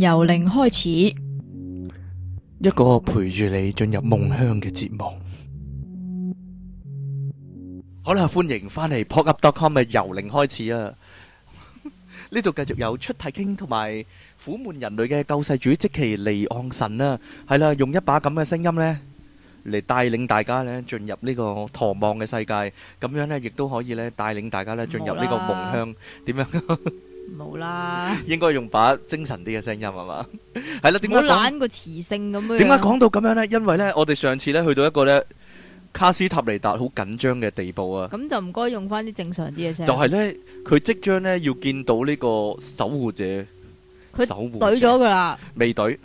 由零開始，一個陪住你進入夢鄉嘅節目。好啦，歡迎翻嚟 popup.com 嘅由零開始啊！呢度繼續有出太傾同埋苦悶人類嘅救世主即期尼安神啦，係啦，用一把咁嘅聲音咧嚟帶領大家咧進入呢個唐望嘅世界，咁樣咧亦都可以咧帶領大家咧進入呢個夢鄉，點樣？冇啦，應該用把精神啲嘅聲音係嘛？係啦，點解好懶個磁性咁樣？點解講到咁樣咧？因為咧，我哋上次咧去到一個咧卡斯塔尼達好緊張嘅地步啊！咁就唔該用翻啲正常啲嘅聲。就係咧，佢即將咧要見到呢個守護者，佢守護懟咗佢啦，未懟，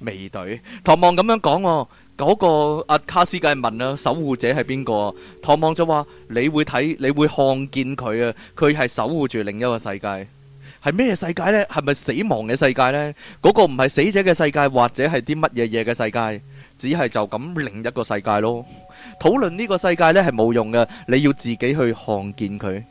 未懟。唐望咁樣講，嗰個阿卡斯嘅問啊，守護者係邊個？唐望就話：你會睇，你會看見佢啊！佢係守護住另一個世界。係咩世界呢？係咪死亡嘅世界呢？嗰、那個唔係死者嘅世界，或者係啲乜嘢嘢嘅世界？只係就咁另一個世界咯。討論呢個世界呢，係冇用嘅，你要自己去看見佢。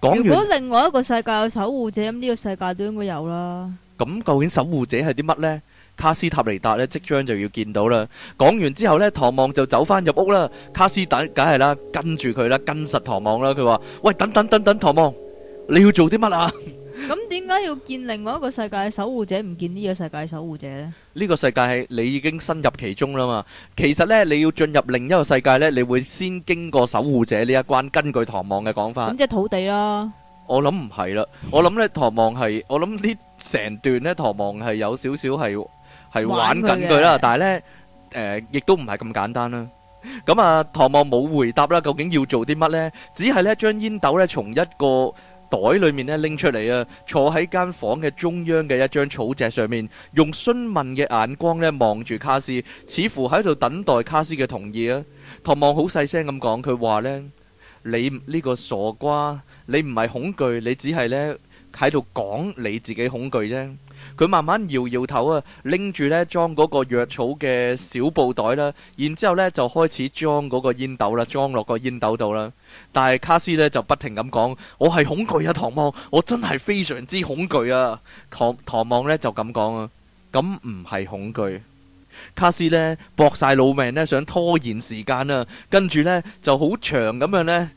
講完如果另外一個世界有守護者，咁呢個世界都應該有啦。咁究竟守護者係啲乜呢？卡斯塔尼達呢，即將就要見到啦。講完之後呢，唐望就走返入屋啦。卡斯達梗係啦，跟住佢啦，跟實唐望啦。佢話：喂，等等等等，等等，唐望，你要做啲乜啊？咁點解要見另外一個世界嘅守護者，唔見呢個世界嘅守護者咧？呢個世界係你已經深入其中啦嘛。其實咧，你要進入另一個世界咧，你會先經過守護者呢一關。根據唐望嘅講法，咁即係土地啦。我諗唔係啦，我諗咧唐望係，我諗呢成段咧唐望係有少少係係玩緊佢啦。但係咧，誒，亦都唔係咁簡單啦。咁啊，唐望冇回答啦。究竟要做啲乜咧？只係咧將煙斗咧從一個。袋裏面咧拎出嚟啊，坐喺間房嘅中央嘅一張草席上面，用詢問嘅眼光咧望住卡斯，似乎喺度等待卡斯嘅同意啊。唐望好細聲咁講，佢話呢：你「你、這、呢個傻瓜，你唔係恐懼，你只係呢。」喺度講你自己恐懼啫。佢慢慢搖搖頭啊，拎住呢裝嗰個藥草嘅小布袋啦、啊，然之後呢，就開始裝嗰個煙斗啦，裝落個煙斗度啦。但係卡斯呢，就不停咁講：我係恐懼啊，唐望，我真係非常之恐懼啊。唐唐望呢，就咁講啊咁唔係恐懼。卡斯呢，搏晒老命呢，想拖延時間啊。跟住呢，就好長咁樣呢。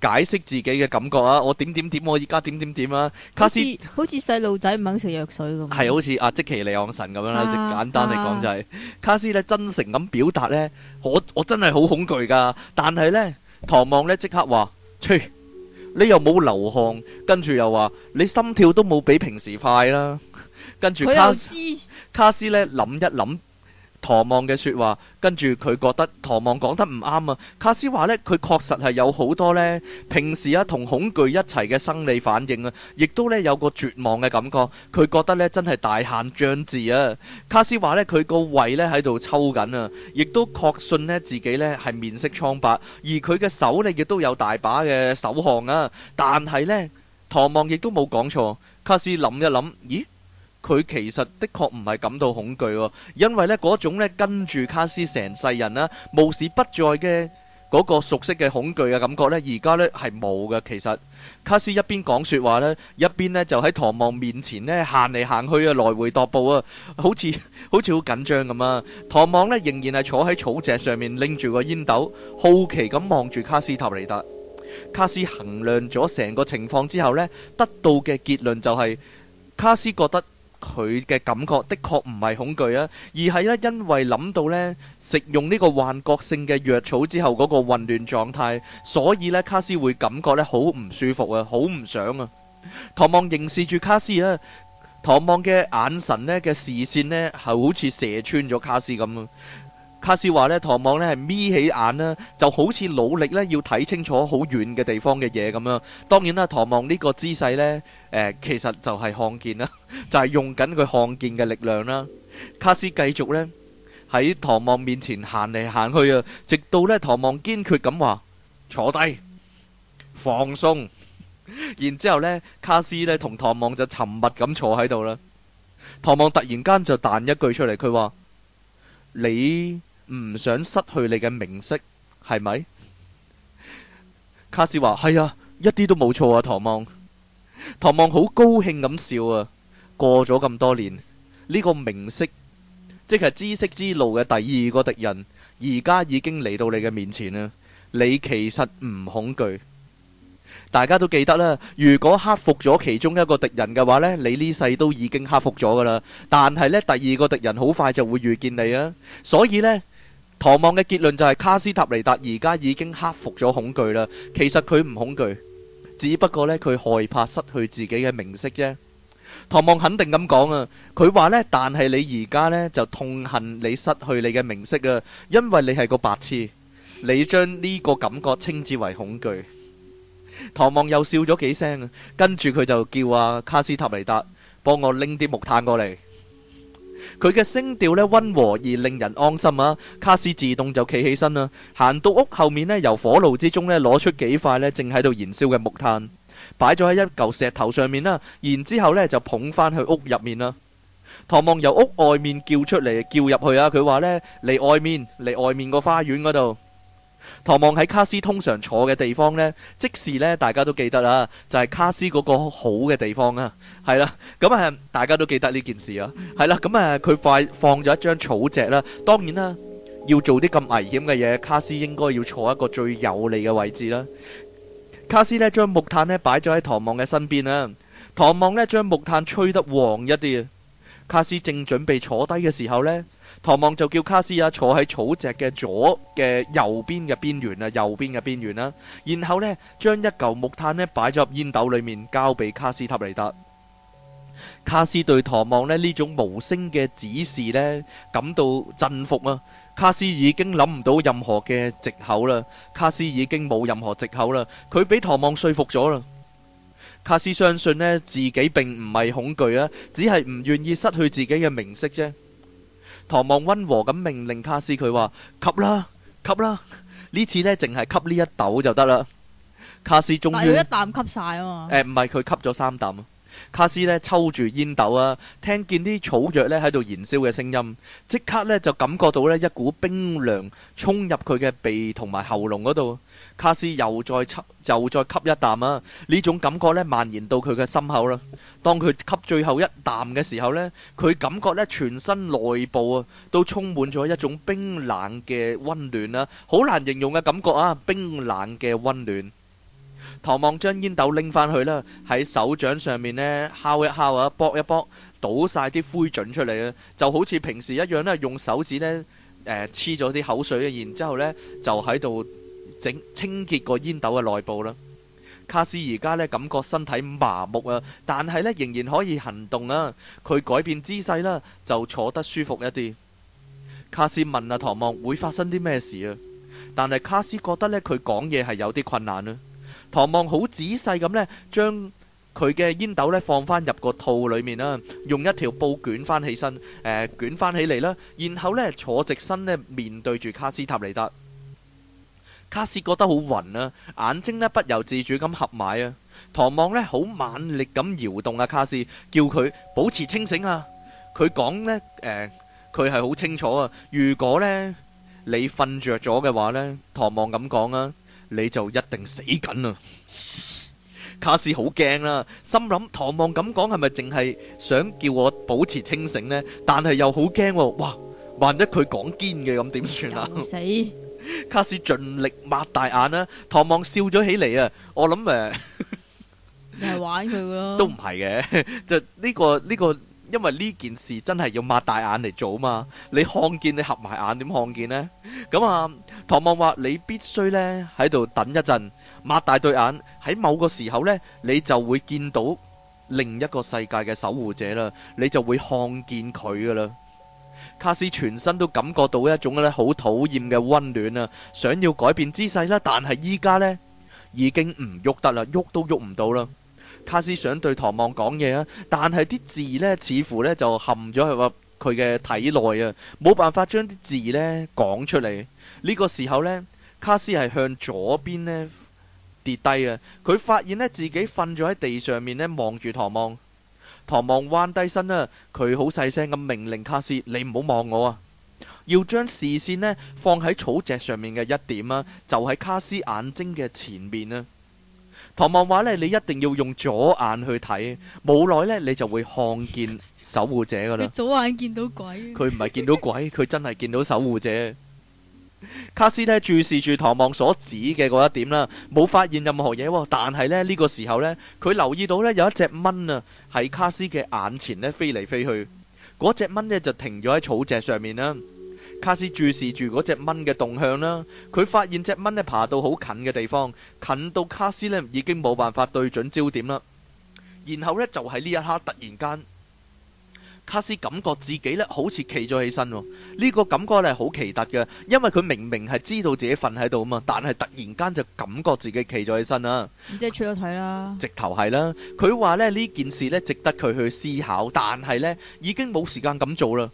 解釋自己嘅感覺啊！我點點點，我而家點點點啊！卡斯好似細路仔唔肯食藥水咁，係好似阿即奇利昂神咁樣啦，啊、簡單嚟講就係、是啊、卡斯咧真誠咁表達咧，我我真係好恐懼噶，但係咧唐望咧即刻話，吹你又冇流汗，跟住又話你心跳都冇比平時快啦，跟住卡斯，卡斯咧諗一諗。唐望嘅說話，跟住佢覺得唐望講得唔啱啊！卡斯話呢，佢確實係有好多呢平時啊同恐懼一齊嘅生理反應啊，亦都呢有個絕望嘅感覺。佢覺得呢真係大限將至啊！卡斯話呢，佢個胃呢喺度抽緊啊，亦都確信呢自己呢係面色蒼白，而佢嘅手呢亦都有大把嘅手汗啊。但係呢，唐望亦都冇講錯。卡斯諗一諗，咦？佢其實的確唔係感到恐懼喎、哦，因為呢嗰種呢跟住卡斯成世人啦、啊、無時不在嘅嗰、那個熟悉嘅恐懼嘅感覺咧，而家呢係冇嘅。其實卡斯一邊講説話咧，一邊呢就喺唐望面前呢行嚟行去啊，來回踱步啊，好似好似好緊張咁啊。唐望呢仍然係坐喺草席上面拎住個煙斗，好奇咁望住卡斯塔尼達。卡斯衡量咗成個情況之後呢，得到嘅結論就係、是、卡斯覺得。佢嘅感覺的確唔係恐懼啊，而係呢因為諗到呢食用呢個幻覺性嘅藥草之後嗰個混亂狀態，所以呢卡斯會感覺呢好唔舒服啊，好唔想啊。唐望凝視住卡斯啊，唐望嘅眼神呢嘅視線呢，係好似射穿咗卡斯咁啊。卡斯話咧，唐望咧係眯起眼啦，就好似努力咧要睇清楚好遠嘅地方嘅嘢咁樣。當然啦，唐望呢，呢唐望個姿勢咧，誒、呃，其實就係看見啦，就係、是、用緊佢看見嘅力量啦。卡斯繼續咧喺唐望面前行嚟行去啊，直到咧唐望堅決咁話坐低放鬆。 然之後咧，卡斯咧同唐望就沉默咁坐喺度啦。唐望突然間就彈一句出嚟，佢話你。唔想失去你嘅名色，係咪？卡斯話係啊，一啲都冇錯啊！唐望，唐望好高興咁笑啊！過咗咁多年，呢個名色，即係知識之路嘅第二個敵人，而家已經嚟到你嘅面前啦。你其實唔恐懼。大家都記得啦，如果克服咗其中一個敵人嘅話呢，你呢世都已經克服咗噶啦。但係呢，第二個敵人好快就會遇見你啊，所以呢。唐望嘅結論就係卡斯塔尼達而家已經克服咗恐懼啦。其實佢唔恐懼，只不過呢，佢害怕失去自己嘅名色啫。唐望肯定咁講啊，佢話呢，但係你而家呢，就痛恨你失去你嘅名色啊，因為你係個白痴，你將呢個感覺稱之為恐懼。唐望又笑咗幾聲，跟住佢就叫啊卡斯塔尼達，幫我拎啲木炭過嚟。佢嘅聲調咧溫和而令人安心啊！卡斯自動就企起身啦，行到屋後面呢，由火爐之中呢攞出幾塊呢正喺度燃燒嘅木炭，擺咗喺一嚿石頭上面啦，然之後呢，就捧翻去屋入面啦。唐望由屋外面叫出嚟，叫入去啊！佢話呢，嚟外面，嚟外面個花園嗰度。唐望喺卡斯通常坐嘅地方呢，即係呢，大家都記得啦、啊，就係、是、卡斯嗰個好嘅地方啊，係啦，咁、嗯、啊大家都記得呢件事啊，係啦，咁啊佢快放咗一張草席啦，當然啦、啊，要做啲咁危險嘅嘢，卡斯應該要坐一個最有利嘅位置啦。卡斯呢將木炭呢擺咗喺唐望嘅身邊啦、啊，唐望呢將木炭吹得旺一啲啊。卡斯正準備坐低嘅時候呢。唐望就叫卡斯亞坐喺草席嘅左嘅右邊嘅邊緣啊、右邊嘅邊緣啦。然後呢，將一嚿木炭呢擺咗入煙斗裏面，交俾卡斯塔尼達。卡斯對唐望呢呢種無聲嘅指示呢感到震服啊！卡斯已經諗唔到任何嘅借口啦，卡斯已經冇任何借口啦。佢俾唐望說服咗啦。卡斯相信呢，自己並唔係恐懼啊，只係唔願意失去自己嘅名色啫。唐望溫和咁命令卡斯，佢話，吸啦，吸啦， 次呢次咧淨係吸呢一斗就得啦。卡斯終於一啖吸晒啊嘛。誒、欸，唔係佢吸咗三啖。卡斯咧抽住煙斗啊，聽見啲草藥咧喺度燃燒嘅聲音，即刻咧就感覺到咧一股冰涼沖入佢嘅鼻同埋喉嚨嗰度。卡斯又再抽又再吸一啖啊！呢種感覺咧蔓延到佢嘅心口啦。當佢吸最後一啖嘅時候咧，佢感覺咧全身內部啊都充滿咗一種冰冷嘅溫暖啦，好難形容嘅感覺啊！冰冷嘅溫暖。唐望將煙斗拎翻去啦，喺手掌上面呢，敲一敲啊，搏一搏，倒晒啲灰燼出嚟啊，就好似平時一樣呢，用手指呢，誒黐咗啲口水啊，然之後咧就喺度整清潔個煙斗嘅內部啦。卡斯而家呢感覺身體麻木啊，但係呢仍然可以行動啊。佢改變姿勢啦，啊，就坐得舒服一啲。卡斯問啊，唐望會發生啲咩事啊？但係卡斯覺得呢，佢講嘢係有啲困難啊。唐望好仔細咁呢，將佢嘅煙斗呢放翻入個套裏面啦，用一條布捲翻起身，誒、呃、捲翻起嚟啦，然後呢，坐直身呢，面對住卡斯塔尼達。卡斯覺得好暈啊，眼睛呢不由自主咁合埋啊。唐望呢，好猛力咁搖動啊。卡斯，叫佢保持清醒啊。佢講呢，誒佢係好清楚啊。如果呢，你瞓着咗嘅話呢，唐望咁講啊。你就一定死緊啦！卡斯好驚啦，心諗唐望咁講係咪淨係想叫我保持清醒呢？但係又好驚，哇！萬一佢講堅嘅咁點算啊？死！卡斯盡力擘大眼啦，唐望笑咗起嚟啊！我諗誒，又係玩佢咯，都唔係嘅，就呢個呢個。因為呢件事真係要擘大眼嚟做啊嘛，你看見你合埋眼點看見咧？咁啊，唐望話你必須咧喺度等一陣，擘大對眼，喺某個時候咧，你就會見到另一個世界嘅守護者啦，你就會看見佢噶啦。卡斯全身都感覺到一種咧好討厭嘅溫暖啊，想要改變姿勢啦，但係依家咧已經唔喐得啦，喐都喐唔到啦。卡斯想對唐望講嘢啊，但係啲字呢似乎呢就含咗喺個佢嘅體內啊，冇辦法將啲字呢講出嚟。呢個時候呢，卡斯係向左邊呢跌低啊，佢發現呢，自己瞓咗喺地上面呢，望住唐望。唐望彎低身啊，佢好細聲咁命令卡斯：你唔好望我啊，要將視線呢放喺草席上面嘅一點啊，就喺卡斯眼睛嘅前面啊。唐望話咧，你一定要用左眼去睇，冇耐呢你就會看見守護者噶啦。你左眼見到鬼？佢唔係見到鬼，佢真係見到守護者。卡斯呢，注視住唐望所指嘅嗰一點啦，冇發現任何嘢。但係呢，呢、呢個時候呢，佢留意到呢有一隻蚊啊喺卡斯嘅眼前呢飛嚟飛去。嗰隻蚊呢就停咗喺草蓆上面啦。卡斯注視住嗰隻蚊嘅動向啦，佢發現隻蚊呢爬，爬到好近嘅地方，近到卡斯呢已經冇辦法對準焦點啦。然後呢，就喺、是、呢一刻突然間，卡斯感覺自己呢好似企咗起身，呢、這個感覺呢，好奇特嘅，因為佢明明係知道自己瞓喺度啊嘛，但係突然間就感覺自己企咗起身啦！即係出咗體啦，直頭係啦。佢話呢呢件事呢值得佢去思考，但係呢已經冇時間咁做啦。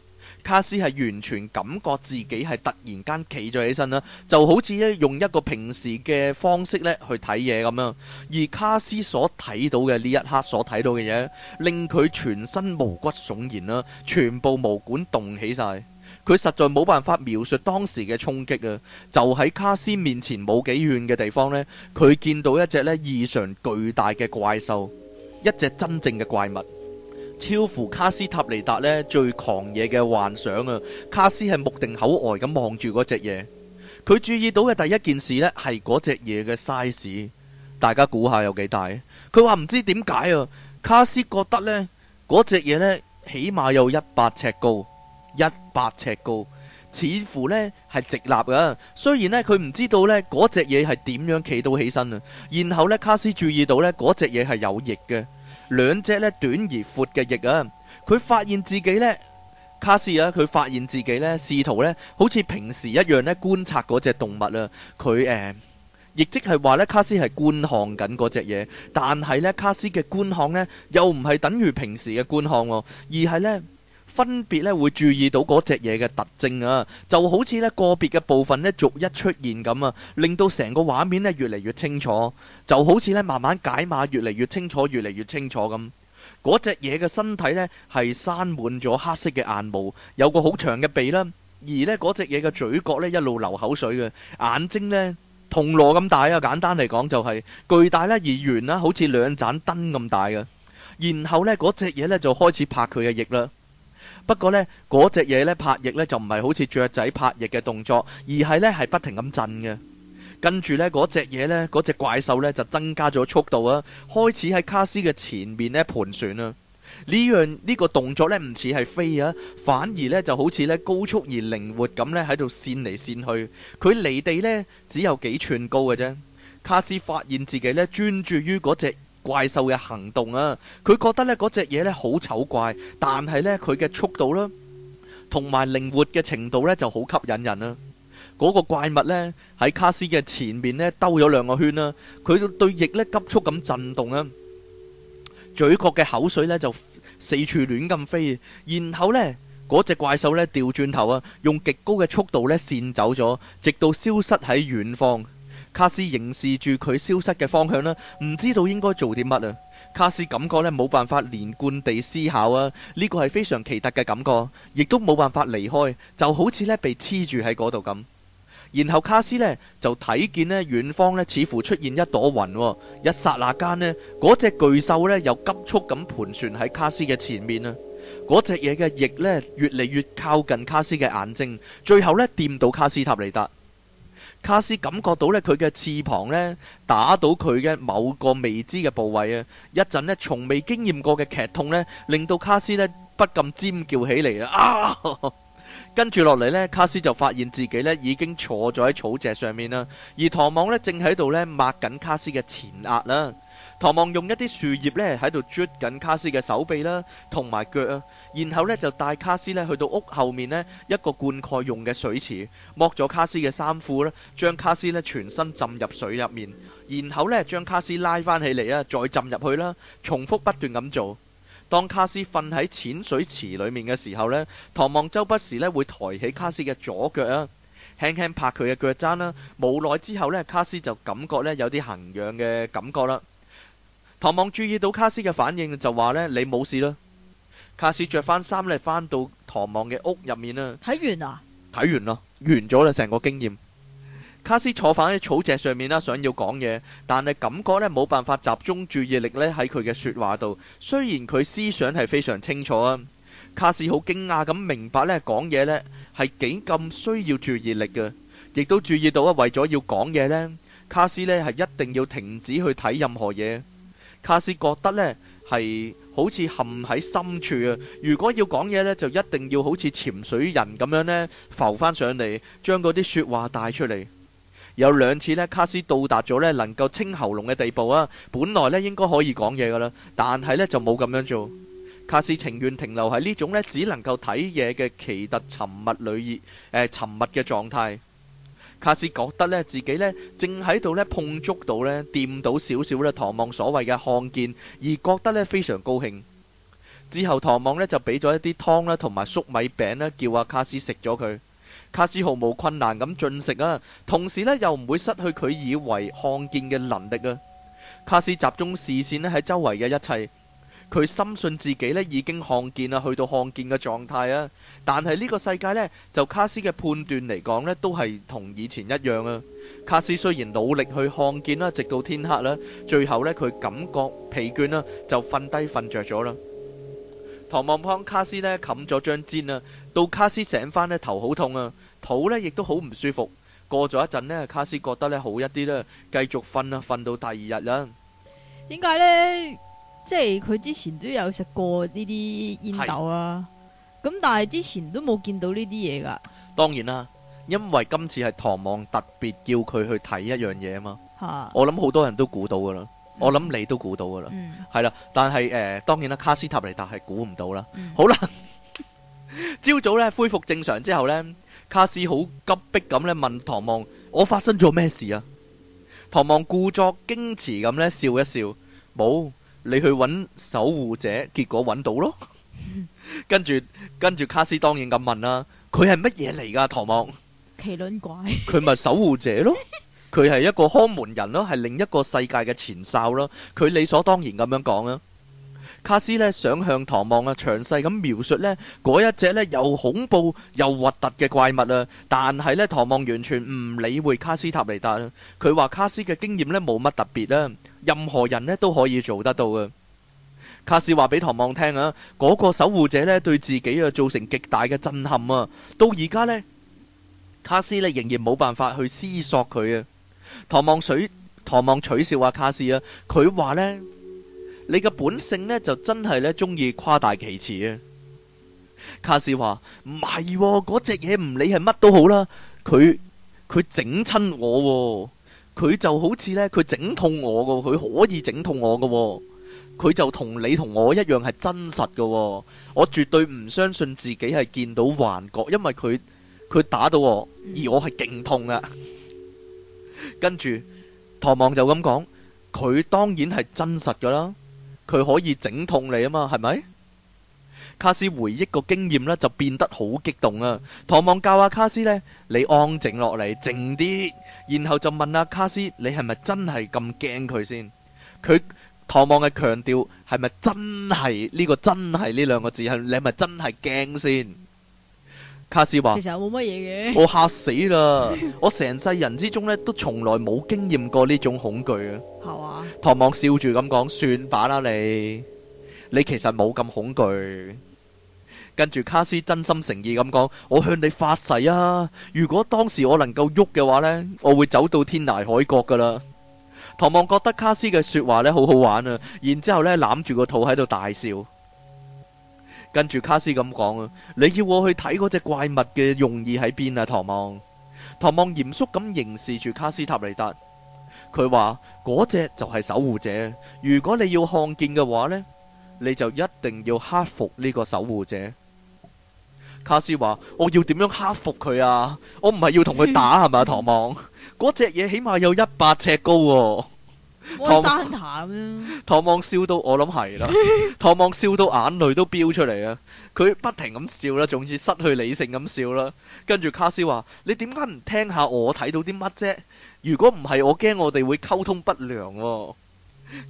卡斯係完全感覺自己係突然間企咗起身啦，就好似咧用一個平時嘅方式咧去睇嘢咁樣。而卡斯所睇到嘅呢一刻所睇到嘅嘢，令佢全身毛骨悚然啦，全部毛管凍起晒。佢實在冇辦法描述當時嘅衝擊啊！就喺卡斯面前冇幾遠嘅地方呢，佢見到一隻咧異常巨大嘅怪獸，一隻真正嘅怪物。超乎卡斯塔尼達咧最狂野嘅幻想啊！卡斯係目定口呆咁望住嗰隻嘢，佢注意到嘅第一件事咧係嗰隻嘢嘅 size，大家估下有幾大？佢話唔知點解啊！卡斯覺得呢嗰隻嘢呢，起碼有一百尺高，一百尺高，似乎呢係直立噶。雖然呢，佢唔知道呢嗰隻嘢係點樣企到起身啊。然後呢，卡斯注意到呢嗰隻嘢係有翼嘅。兩隻咧短而闊嘅翼啊，佢發現自己呢，卡斯啊，佢發現自己呢，試圖呢，好似平時一樣呢，觀察嗰隻動物啊。佢誒，亦即係話呢，卡斯係觀看緊嗰隻嘢，但係呢，卡斯嘅觀看呢，又唔係等於平時嘅觀看喎，而係呢。分別咧，會注意到嗰隻嘢嘅特徵啊，就好似咧個別嘅部分咧，逐一出現咁啊，令到成個畫面咧越嚟越清楚，就好似咧慢慢解碼，越嚟越清楚，越嚟越清楚咁。嗰隻嘢嘅身體咧係生滿咗黑色嘅眼毛，有個好長嘅鼻啦，而呢嗰隻嘢嘅嘴角咧一路流口水嘅眼睛咧，銅鑼咁大啊。簡單嚟講就係，是，巨大咧而圓啦，好似兩盞燈咁大嘅。然後咧嗰隻嘢咧就開始拍佢嘅翼啦。不過呢，嗰隻嘢呢拍翼呢就唔係好似雀仔拍翼嘅動作，而係呢係不停咁震嘅。跟住呢，嗰隻嘢呢，嗰隻怪獸呢就增加咗速度啊，開始喺卡斯嘅前面呢盤旋啊。呢樣呢個動作呢，唔似係飛啊，反而呢就好似呢高速而靈活咁呢喺度扇嚟扇去。佢離地呢，只有幾寸高嘅啫。卡斯發現自己呢，專注於嗰隻怪獸嘅行動啊，佢覺得呢嗰隻嘢呢好醜怪，但係呢，佢嘅速度啦，同埋靈活嘅程度呢就好吸引人啦。嗰個怪物呢，喺卡斯嘅前面呢兜咗兩個圈啦，佢對翼呢急速咁震動啊，嘴角嘅口水呢就四處亂咁飛，然後呢，嗰隻怪獸呢調轉頭啊，用極高嘅速度呢閃走咗，直到消失喺遠方。卡斯凝視住佢消失嘅方向啦，唔知道應該做啲乜啊！卡斯感覺呢冇辦法連貫地思考啊，呢個係非常奇特嘅感覺，亦都冇辦法離開，就好似呢被黐住喺嗰度咁。然後卡斯呢就睇見呢遠方呢似乎出現一朵雲，一剎那間呢嗰隻巨獸呢又急速咁盤旋喺卡斯嘅前面啊！嗰隻嘢嘅翼呢越嚟越靠近卡斯嘅眼睛，最後呢掂到卡斯塔尼達。卡斯感覺到咧佢嘅翅膀咧打到佢嘅某個未知嘅部位啊！一陣咧從未經驗過嘅劇痛咧，令到卡斯咧不禁尖叫起嚟啊！跟住落嚟咧，卡斯就發現自己咧已經坐咗喺草席上面啦，而唐望咧正喺度咧抹緊卡斯嘅前額啦。唐望用一啲樹葉咧喺度啜緊卡斯嘅手臂啦，同埋腳啊，然後呢，就帶卡斯咧去到屋後面呢一個灌溉用嘅水池，剝咗卡斯嘅衫褲啦，將卡斯咧全身浸入水入面，然後呢，將卡斯拉翻起嚟啊，再浸入去啦，重複不斷咁做。當卡斯瞓喺淺水池裏面嘅時候呢，唐望周不時咧會抬起卡斯嘅左腳啊，輕輕拍佢嘅腳踭啦。冇耐之後呢，卡斯就感覺呢，有啲痕癢嘅感覺啦。唐望注意到卡斯嘅反應，就話呢，你冇事啦。卡斯着翻衫呢，返到唐望嘅屋入面啦。睇完啊？睇完啦，完咗啦，成個經驗。卡斯坐返喺草席上面啦，想要講嘢，但係感覺呢冇辦法集中注意力呢喺佢嘅說話度。雖然佢思想係非常清楚啊。卡斯好驚訝咁明白呢講嘢呢係幾咁需要注意力嘅，亦都注意到啊。為咗要講嘢呢，卡斯呢係一定要停止去睇任何嘢。卡斯覺得呢係好似陷喺深處啊！如果要講嘢呢，就一定要好似潛水人咁樣呢浮翻上嚟，將嗰啲説話帶出嚟。有兩次呢，卡斯到達咗呢能夠清喉嚨嘅地步啊！本來呢應該可以講嘢噶啦，但係呢就冇咁樣做。卡斯情願停留喺呢種呢，只能夠睇嘢嘅奇特沉默裡、呃、沉默嘅狀態。卡斯覺得咧自己咧正喺度咧碰觸到咧掂到少少咧，唐望所謂嘅看見，而覺得咧非常高興。之後唐望咧就俾咗一啲湯啦同埋粟米餅啦，叫阿卡斯食咗佢。卡斯毫無困難咁進食啊，同時咧又唔會失去佢以為看見嘅能力啊。卡斯集中視線咧喺周圍嘅一切。佢深信自己咧已經看見啊，去到看見嘅狀態啊，但係呢個世界呢，就卡斯嘅判斷嚟講呢，都係同以前一樣啊。卡斯雖然努力去看見啦，直到天黑啦，最後呢，佢感覺疲倦啦，就瞓低瞓着咗啦。唐望康卡斯呢，冚咗張氈啦，到卡斯醒返呢，頭好痛啊，肚呢亦都好唔舒服。過咗一陣呢，卡斯覺得呢好一啲啦，繼續瞓啊，瞓到第二日啦。點解呢？即係佢之前都有食過呢啲煙斗啊，咁是但係之前都冇見到呢啲嘢噶。當然啦，因為今次係唐望特別叫佢去睇一樣嘢啊嘛。啊我諗好多人都估到噶啦，嗯、我諗你都估到噶啦，係啦、嗯。但係誒、呃，當然啦，卡斯塔尼達係估唔到啦。嗯、好啦了，朝 早咧恢復正常之後呢，卡斯好急迫咁咧問唐望：我發生咗咩事啊？唐望故作矜持咁咧笑，笑一笑，冇。你去揾守護者，結果揾到咯。 跟住跟住，卡斯當然咁問啦、啊：佢係乜嘢嚟㗎？唐望奇輪倫怪，佢 咪守護者咯？佢係一個看門人咯，係另一個世界嘅前哨咯。佢理所當然咁樣講啊。卡斯咧想向唐望啊詳細咁描述呢嗰一隻咧又恐怖又核突嘅怪物啊，但係呢，唐望完全唔理會卡斯塔尼達。佢話卡斯嘅經驗呢冇乜特別啦，任何人呢都可以做得到噶。卡斯話俾唐望聽啊，嗰、個守護者呢對自己啊造成極大嘅震撼啊，到而家呢，卡斯咧仍然冇辦法去思索佢啊。唐望水唐望取笑阿、啊、卡斯啊，佢話呢。你嘅本性呢，就真係呢中意誇大其詞啊！卡斯話唔係喎，嗰隻嘢唔理係乜都好啦。佢佢整親我喎，佢就好似呢，佢整痛我噶，佢可以整痛我噶喎，佢就同你同我一樣係真實噶喎。我絕對唔相信自己係見到幻覺，因為佢佢打到我，而我係勁痛噶。跟住唐望就咁講，佢當然係真實噶啦。佢可以整痛你啊嘛，係咪？卡斯回憶個經驗咧，就變得好激動啊！唐望教阿卡斯呢，你安靜落嚟，靜啲，然後就問阿、啊、卡斯，你係咪真係咁驚佢先？佢唐望嘅強調，係咪真係呢個真係呢兩個字？係你係咪真係驚先？卡斯話：其實我冇乜嘢嘅。我吓死啦！我成世人之中咧，都從來冇經驗過呢種恐懼啊。係嘛？唐望笑住咁講：算吧啦你，你其實冇咁恐懼。跟住卡斯真心誠意咁講：我向你發誓啊！如果當時我能夠喐嘅話咧，我會走到天涯海角噶啦。唐望覺得卡斯嘅說話咧好好玩啊，然之後咧攬住個肚喺度大笑。跟住卡斯咁講啊，你要我去睇嗰隻怪物嘅用意喺邊啊？唐望，唐望嚴肅咁凝視住卡斯塔利達，佢話嗰隻就係守護者。如果你要看見嘅話呢，你就一定要克服呢個守護者。卡斯話：我要點樣克服佢啊？我唔係要同佢打係咪？唐 望，嗰隻嘢起碼有一百尺高喎、啊。唐唐望笑到我諗係啦， 唐望笑到眼淚都飆出嚟啊！佢不停咁笑啦，總之失去理性咁笑啦。跟住卡斯話：你點解唔聽下我睇到啲乜啫？如果唔係，我驚我哋會溝通不良喎。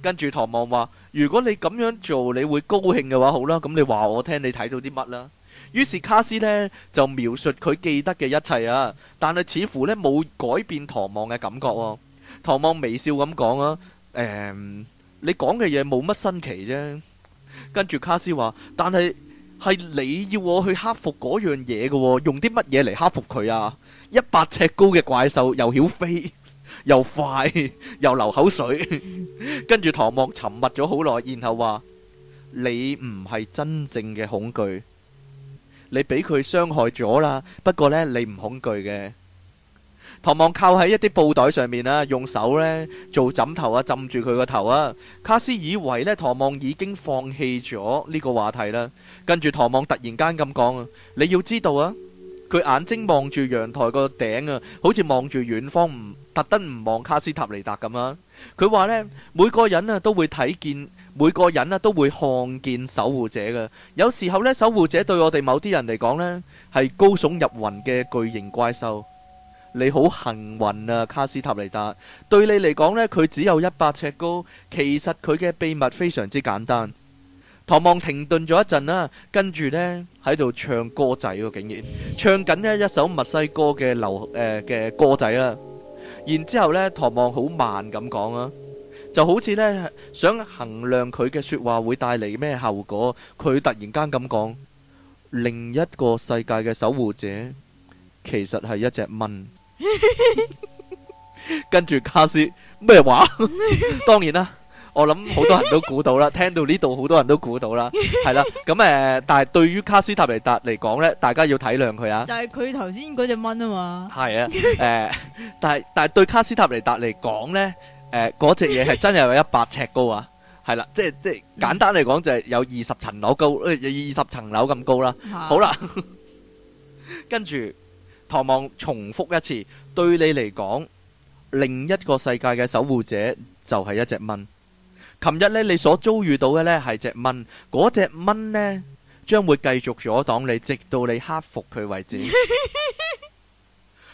跟住唐望話：如果你咁樣做，你會高興嘅話好啦，咁你話我聽你睇到啲乜啦？於是卡斯呢，就描述佢記得嘅一切啊，但係似乎呢冇改變唐望嘅感覺喎。唐望微笑咁講啊，誒、嗯，你講嘅嘢冇乜新奇啫。跟住卡斯話，但係係你要我去克服嗰樣嘢嘅，用啲乜嘢嚟克服佢啊？一百尺高嘅怪獸又曉飛，又快，又流口水。跟 住唐望沉默咗好耐，然後話：你唔係真正嘅恐懼，你俾佢傷害咗啦。不過呢，你唔恐懼嘅。唐望靠喺一啲布袋上面啦，用手咧做枕頭啊，浸住佢個頭啊。卡斯以為咧，唐望已經放棄咗呢個話題啦。跟住唐望突然間咁講啊，你要知道啊，佢眼睛望住陽台個頂啊，好似望住遠方，唔特登唔望卡斯塔尼達咁啊。佢話咧，每個人啊都會睇見，每個人啊都會看見守護者㗎。有時候咧，守護者對我哋某啲人嚟講咧，係高聳入雲嘅巨型怪獸。你好幸運啊，卡斯塔尼達，對你嚟講呢，佢只有一百尺高。其實佢嘅秘密非常之簡單。唐望停頓咗一陣啦，跟住呢喺度唱歌仔喎、啊，竟然唱緊呢一首墨西哥嘅流誒嘅、呃、歌仔啦、啊。然之後咧，唐望好慢咁講啊，就好似呢，想衡量佢嘅說話會帶嚟咩後果。佢突然間咁講，另一個世界嘅守護者其實係一隻蚊。 跟住卡斯咩話？ 當然啦，我諗好多人都估到啦。聽到呢度，好多人都估到啦。係啦， 咁、嗯、誒，但係對於卡斯塔尼達嚟講呢，大家要體諒佢啊。就係佢頭先嗰隻蚊啊嘛。係啊、呃，但係但係對卡斯塔尼達嚟講呢，誒、呃，嗰隻嘢係真係有一百尺高啊。係啦， 即係即係簡單嚟講就係有二十層樓高，有二十層樓咁高啦、啊。啊、好啦，跟住。唐望重複一次，對你嚟講，另一個世界嘅守護者就係一隻蚊。琴日咧，你所遭遇到嘅咧係隻蚊，嗰隻蚊呢將會繼續阻擋你，直到你克服佢為止。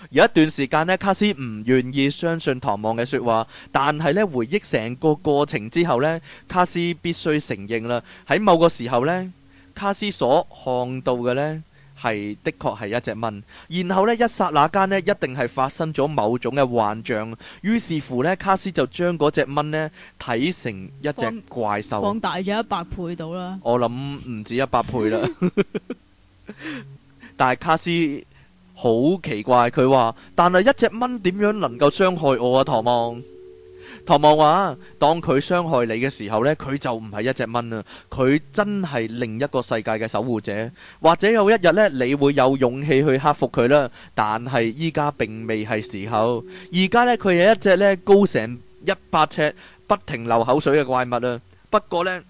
有一段時間咧，卡斯唔願意相信唐望嘅說話，但係呢，回憶成個過程之後呢，卡斯必須承認啦，喺某個時候呢，卡斯所看到嘅呢，係的確係一隻蚊，然後呢，一剎那間咧，一定係發生咗某種嘅幻象，於是乎呢，卡斯就將嗰隻蚊呢睇成一隻怪獸，放大咗一百倍到啦。我諗唔止一百倍啦， 但係卡斯好奇怪，佢話，但係一隻蚊點樣能夠傷害我啊，唐望？唐望話：當佢傷害你嘅時候呢，佢就唔係一隻蚊啦，佢真係另一個世界嘅守護者。或者有一日呢，你會有勇氣去克服佢啦。但係依家並未係時候。而家呢，佢係一隻呢高成一百尺不停流口水嘅怪物啦。不過呢，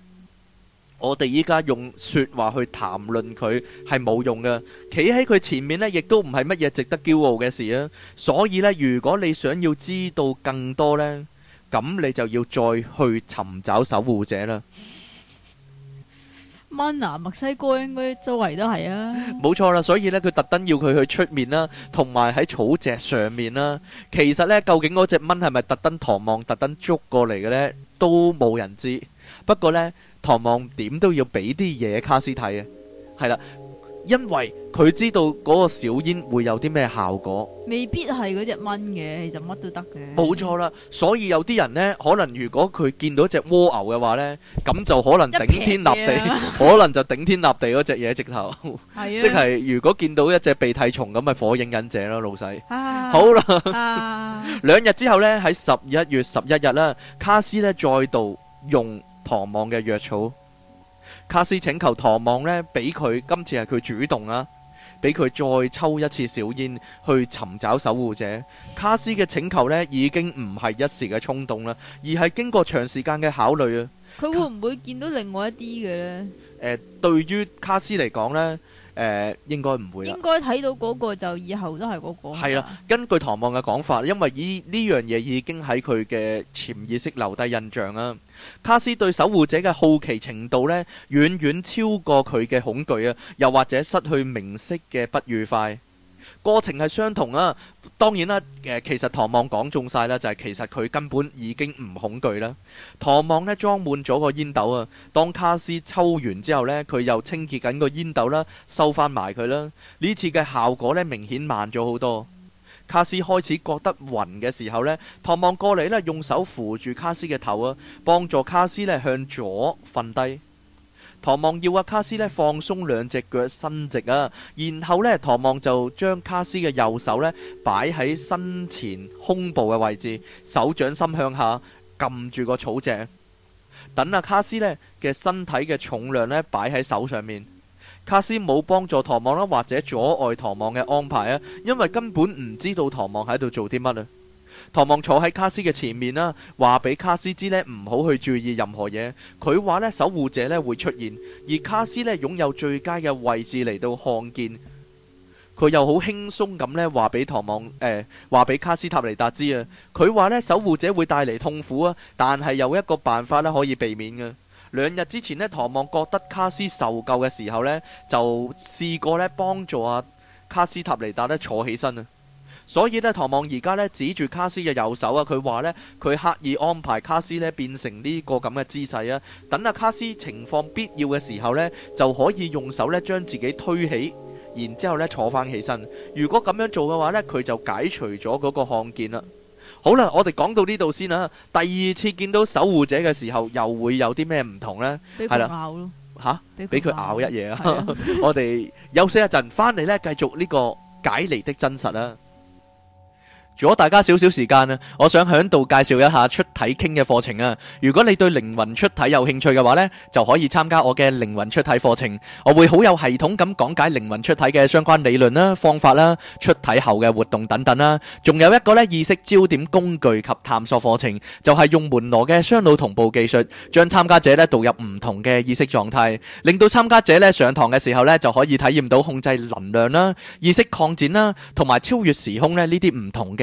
我哋依家用說話去談論佢係冇用嘅。企喺佢前面呢，亦都唔係乜嘢值得驕傲嘅事啊。所以呢，如果你想要知道更多呢。咁你就要再去尋找守護者啦。蚊啊，墨西哥應該周圍都係啊，冇錯啦。所以咧，佢特登要佢去出面啦，同埋喺草席上面啦。其實咧，究竟嗰隻蚊係咪特登唐望特登捉過嚟嘅咧，都冇人知。不過咧，唐望點都要俾啲嘢卡斯睇啊，係啦。因為佢知道嗰個小煙會有啲咩效果，未必係嗰隻蚊嘅，其實乜都得嘅。冇錯啦，所以有啲人呢，可能如果佢見到隻蝸牛嘅話呢，咁就可能頂天立地，啊、 可能就頂天立地嗰隻嘢直頭，即係如果見到一隻鼻涕蟲咁，咪火影忍者咯，老細。啊、好啦，兩日、啊、 之後呢，喺十一月十一日啦，卡斯呢再度用唐望嘅藥草。卡斯請求唐望呢，俾佢今次係佢主動啦、啊，俾佢再抽一次小煙去尋找守護者。卡斯嘅請求呢，已經唔係一時嘅衝動啦，而係經過長時間嘅考慮啊。佢會唔會見到另外一啲嘅呢？誒、呃，對於卡斯嚟講呢。誒應該唔會，應該睇到嗰個就以後都係嗰個。係啦，。 根據唐望嘅講法，因為依呢樣嘢已經喺佢嘅潛意識留低印象啊。卡斯對守護者嘅好奇程度呢，遠遠超過佢嘅恐懼啊，又或者失去明晰嘅不愉快。過程係相同啊，當然啦、啊，誒其實唐望講中晒啦，就係、是、其實佢根本已經唔恐懼啦。唐望呢裝滿咗個煙斗啊，當卡斯抽完之後呢，佢又清潔緊個煙斗啦、啊，收翻埋佢啦。呢次嘅效果呢，明顯慢咗好多。卡斯開始覺得暈嘅時候呢，唐望過嚟呢，用手扶住卡斯嘅頭啊，幫助卡斯呢向左瞓低。唐望要阿卡斯呢放鬆兩隻腳伸直啊，然後呢唐望就將卡斯嘅右手呢擺喺身前胸部嘅位置，手掌心向下撳住個草莖，等阿卡斯呢嘅身體嘅重量呢擺喺手上面。卡斯冇幫助唐望啦，或者阻礙唐望嘅安排啊，因為根本唔知道唐望喺度做啲乜啊。唐望坐喺卡斯嘅前面啦，話俾卡斯知咧唔好去注意任何嘢。佢話咧守護者咧會出現，而卡斯咧擁有最佳嘅位置嚟到看見。佢又好輕鬆咁咧話俾唐望誒話俾卡斯塔尼達知啊。佢話咧守護者會帶嚟痛苦啊，但係有一個辦法咧可以避免嘅。兩日之前咧，唐望覺得卡斯受救嘅時候呢，就試過咧幫助阿卡斯塔尼達咧坐起身啊。所以咧，唐望而家咧指住卡斯嘅右手啊，佢話呢，佢刻意安排卡斯呢變成呢個咁嘅姿勢啊，等阿卡斯情況必要嘅時候呢，就可以用手呢將自己推起，然之後呢坐翻起身。如果咁樣做嘅話呢，佢就解除咗嗰個看見啦。好啦，我哋講到呢度先啦。第二次見到守護者嘅時候，又會有啲咩唔同呢？係啦，吓俾佢咬一嘢啊！我哋休息一陣，翻嚟呢，繼續呢個解離的真實啦。除咗大家少少時間啊，我想喺度介紹一下出體傾嘅課程啊！如果你對靈魂出體有興趣嘅話咧，就可以參加我嘅靈魂出體課程。我會好有系統咁講解靈魂出體嘅相關理論啦、方法啦、出體後嘅活動等等啦。仲有一個咧意識焦點工具及探索課程，就係用門羅嘅雙腦同步技術，將參加者咧導入唔同嘅意識狀態，令到參加者咧上堂嘅時候咧就可以體驗到控制能量啦、意識擴展啦，同埋超越時空咧呢啲唔同嘅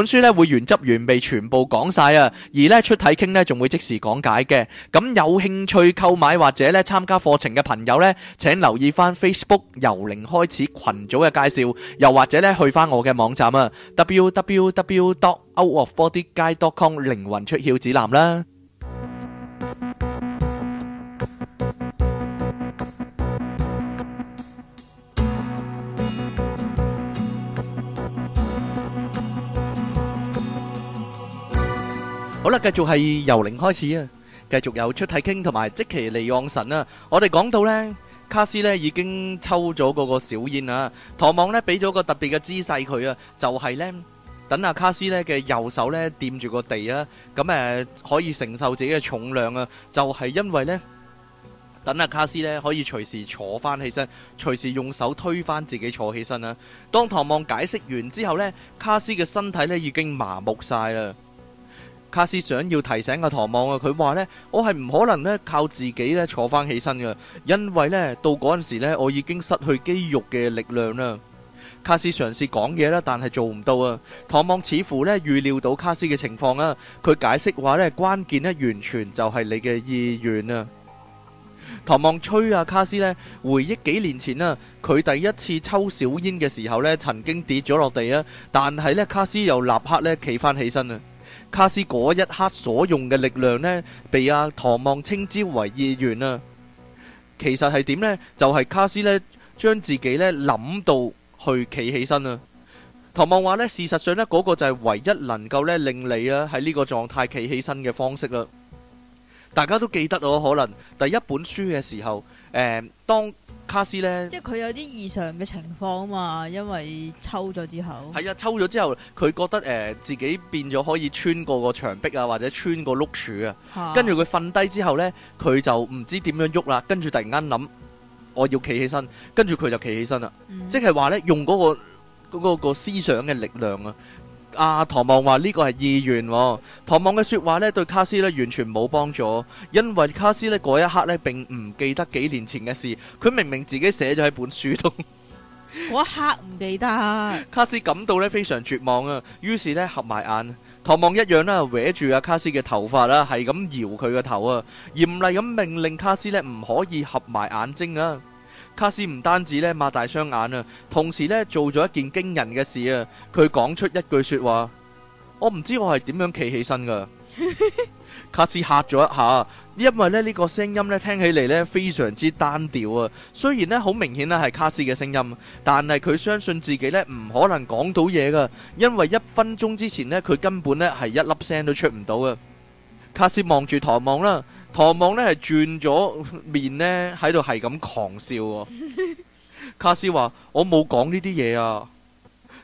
本書咧會原汁原味全部講晒啊，而咧出體傾咧仲會即時講解嘅。咁有興趣購買或者咧參加課程嘅朋友咧，請留意翻 Facebook 由零開始群組嘅介紹，又或者咧去翻我嘅網站啊 www.outofbodyguide.com 靈魂出竅指南啦。好啦，繼續係由零開始啊！繼續有出體傾同埋即其利旺神啊！我哋講到呢，卡斯呢已經抽咗嗰個小煙啊！唐望呢俾咗個特別嘅姿勢佢啊，就係呢，等阿卡斯呢嘅右手呢掂住個地啊，咁誒可以承受自己嘅重量啊！就係因為呢，等阿卡斯呢可以隨時坐翻起身，隨時用手推翻自己坐起身啊！當唐望解釋完之後呢，卡斯嘅身體呢已經麻木晒啦。卡斯想要提醒阿唐望啊，佢話呢，我係唔可能咧靠自己咧坐翻起身嘅，因為呢，到嗰陣時呢，我已經失去肌肉嘅力量啦。卡斯嘗試講嘢啦，但係做唔到啊。唐望似乎呢預料到卡斯嘅情況啊，佢解釋話呢關鍵呢完全就係你嘅意願啊。唐望催阿卡斯呢回憶幾年前啊，佢第一次抽小煙嘅時候呢曾經跌咗落地啊，但係呢卡斯又立刻呢企翻起身啊。卡斯嗰一刻所用嘅力量呢，被阿、啊、唐望稱之為意願啊。其實係點呢？就係、是、卡斯咧，將自己呢諗到去企起身啊。唐望話呢，事實上呢嗰、那個就係唯一能夠咧令你啊喺呢個狀態企起身嘅方式啦。大家都記得我可能第一本書嘅時候，誒、呃，當。卡斯咧，即係佢有啲異常嘅情況啊嘛，因為抽咗之後，係 啊，抽咗之後佢覺得誒、呃、自己變咗可以穿過個牆壁啊，或者穿過碌柱啊，跟住佢瞓低之後呢，佢就唔知點樣喐啦，跟住突然間諗我要企起身，跟住佢就企起身啦，嗯、即係話呢，用嗰、嗰個嗰、嗰個嗰個嗰個思想嘅力量啊。阿唐望話呢個係意願，唐望嘅說，哦、說話咧對卡斯咧完全冇幫助，因為卡斯咧嗰一刻咧並唔記得幾年前嘅事，佢明明自己寫咗喺本書度，嗰一刻唔記得。卡斯感到咧非常絕望啊，於是咧合埋眼。唐望一樣啦，搲住阿卡斯嘅頭髮啦、啊，係咁搖佢個頭啊，嚴厲咁命令卡斯咧唔可以合埋眼睛啊。卡斯唔單止咧擘大雙眼啊，同時咧做咗一件驚人嘅事啊！佢講出一句說話，我唔知我係點樣企起身噶。 卡斯吓咗一下，因為咧呢、呢個聲音咧聽起嚟咧非常之單調啊。雖然咧好明顯咧係卡斯嘅聲音，但係佢相信自己咧唔可能講到嘢噶，因為一分鐘之前咧佢根本咧係一粒聲都出唔到啊。卡斯望住唐望啦。唐望咧係轉咗面咧喺度係咁狂笑啊，卡斯話：我冇講呢啲嘢啊！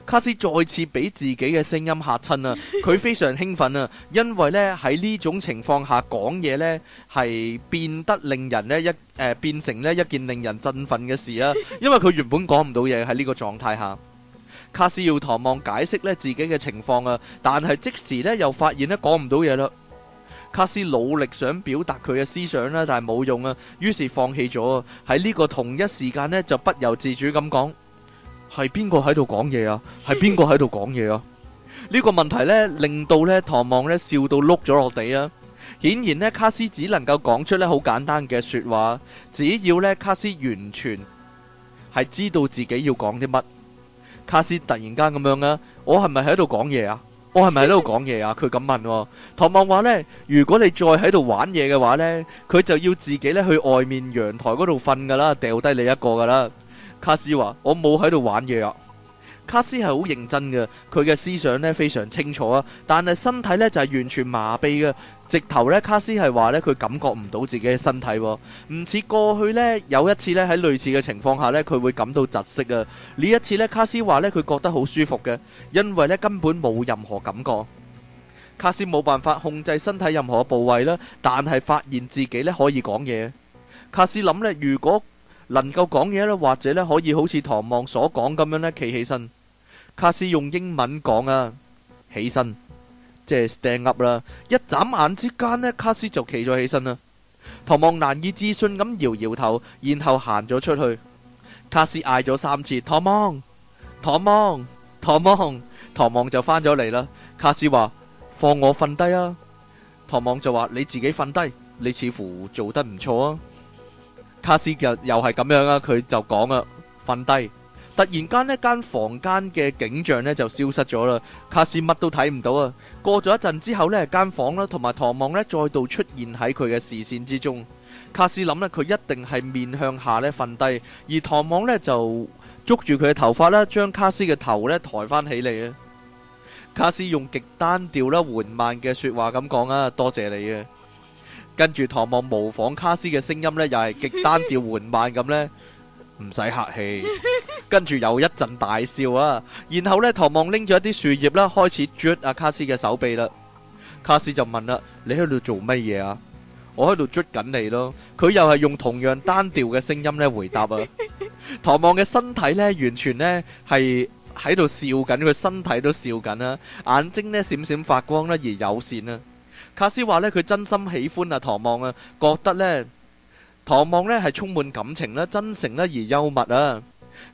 卡斯再次俾自己嘅聲音吓親啊！佢非常興奮啊，因為呢喺呢種情況下講嘢呢，係變得令人咧一誒、呃、變成咧一件令人振奮嘅事啊！因為佢原本講唔到嘢喺呢個狀態下，下，卡斯要唐望解釋呢自己嘅情況啊，但係即時呢又發現呢講唔到嘢啦。卡斯努力想表達佢嘅思想啦，但係冇用啊，於是放棄咗啊。喺呢個同一時間咧，就不由自主咁講：係邊個喺度講嘢啊？係邊個喺度講嘢啊？呢 個問題咧，令到咧唐望咧笑到碌咗落地啊！顯然咧，卡斯只能夠講出咧好簡單嘅說話。只要咧卡斯完全係知道自己要講啲乜，卡斯突然間咁樣啊，我係咪喺度講嘢啊？我係咪喺度講嘢啊？佢咁問，哦，唐望話呢，如果你再喺度玩嘢嘅話呢，佢就要自己咧去外面陽台嗰度瞓噶啦，掉低你一個噶啦。卡斯話：我冇喺度玩嘢啊。卡斯係好認真嘅，佢嘅思想呢，非常清楚啊，但係身體呢就係完全麻痹嘅。直頭呢，卡斯係話呢，佢感覺唔到自己嘅身體，唔似過去呢，有一次呢，喺類似嘅情況下呢，佢會感到窒息啊。呢一次呢，卡斯話呢，佢覺得好舒服嘅，因為呢，根本冇任何感覺。卡斯冇辦法控制身體任何部位啦，但係發現自己呢可以講嘢。卡斯諗呢，如果能夠講嘢呢，或者呢可以好似唐望所講咁樣呢，企起身。卡斯用英文講啊，起身，即係 stand up 啦。一眨眼之間呢，卡斯就企咗起身啦。唐望難以置信咁搖搖頭，然後行咗出去。卡斯嗌咗三次，唐望，唐望，唐望，唐望就翻咗嚟啦。卡斯話，放我瞓低啊。唐望就話，你自己瞓低，你似乎做得唔錯啊。卡斯又又係咁樣啦，佢就講啊，瞓低啊。突然間呢，間房間嘅景象呢就消失咗啦，卡斯乜都睇唔到啊！過咗一陣之後呢間房啦、同埋唐望呢再度出現喺佢嘅視線之中。卡斯諗呢，佢一定係面向下呢瞓低，而唐望呢就捉住佢嘅頭髮啦，將卡斯嘅頭呢抬翻起嚟啊！卡斯用極單調啦、緩慢嘅說話咁講啊，多謝你啊！跟住唐望模仿卡斯嘅聲音呢，又係極單調緩慢咁呢。唔使客氣，跟住又一陣大笑啊！然後呢，唐望拎咗一啲樹葉啦，開始捽阿、啊、卡斯嘅手臂啦。卡斯就問啦：你喺度做乜嘢啊？我喺度捽緊你咯。佢又係用同樣單調嘅聲音咧回答啊。唐望嘅身體呢，完全呢係喺度笑緊，佢身體都笑緊啦，啊，眼睛呢閃閃發光啦，而友善啊。卡斯話呢，佢真心喜歡啊，唐望啊，覺得呢。唐望呢係充滿感情啦、真誠啦而幽默啊。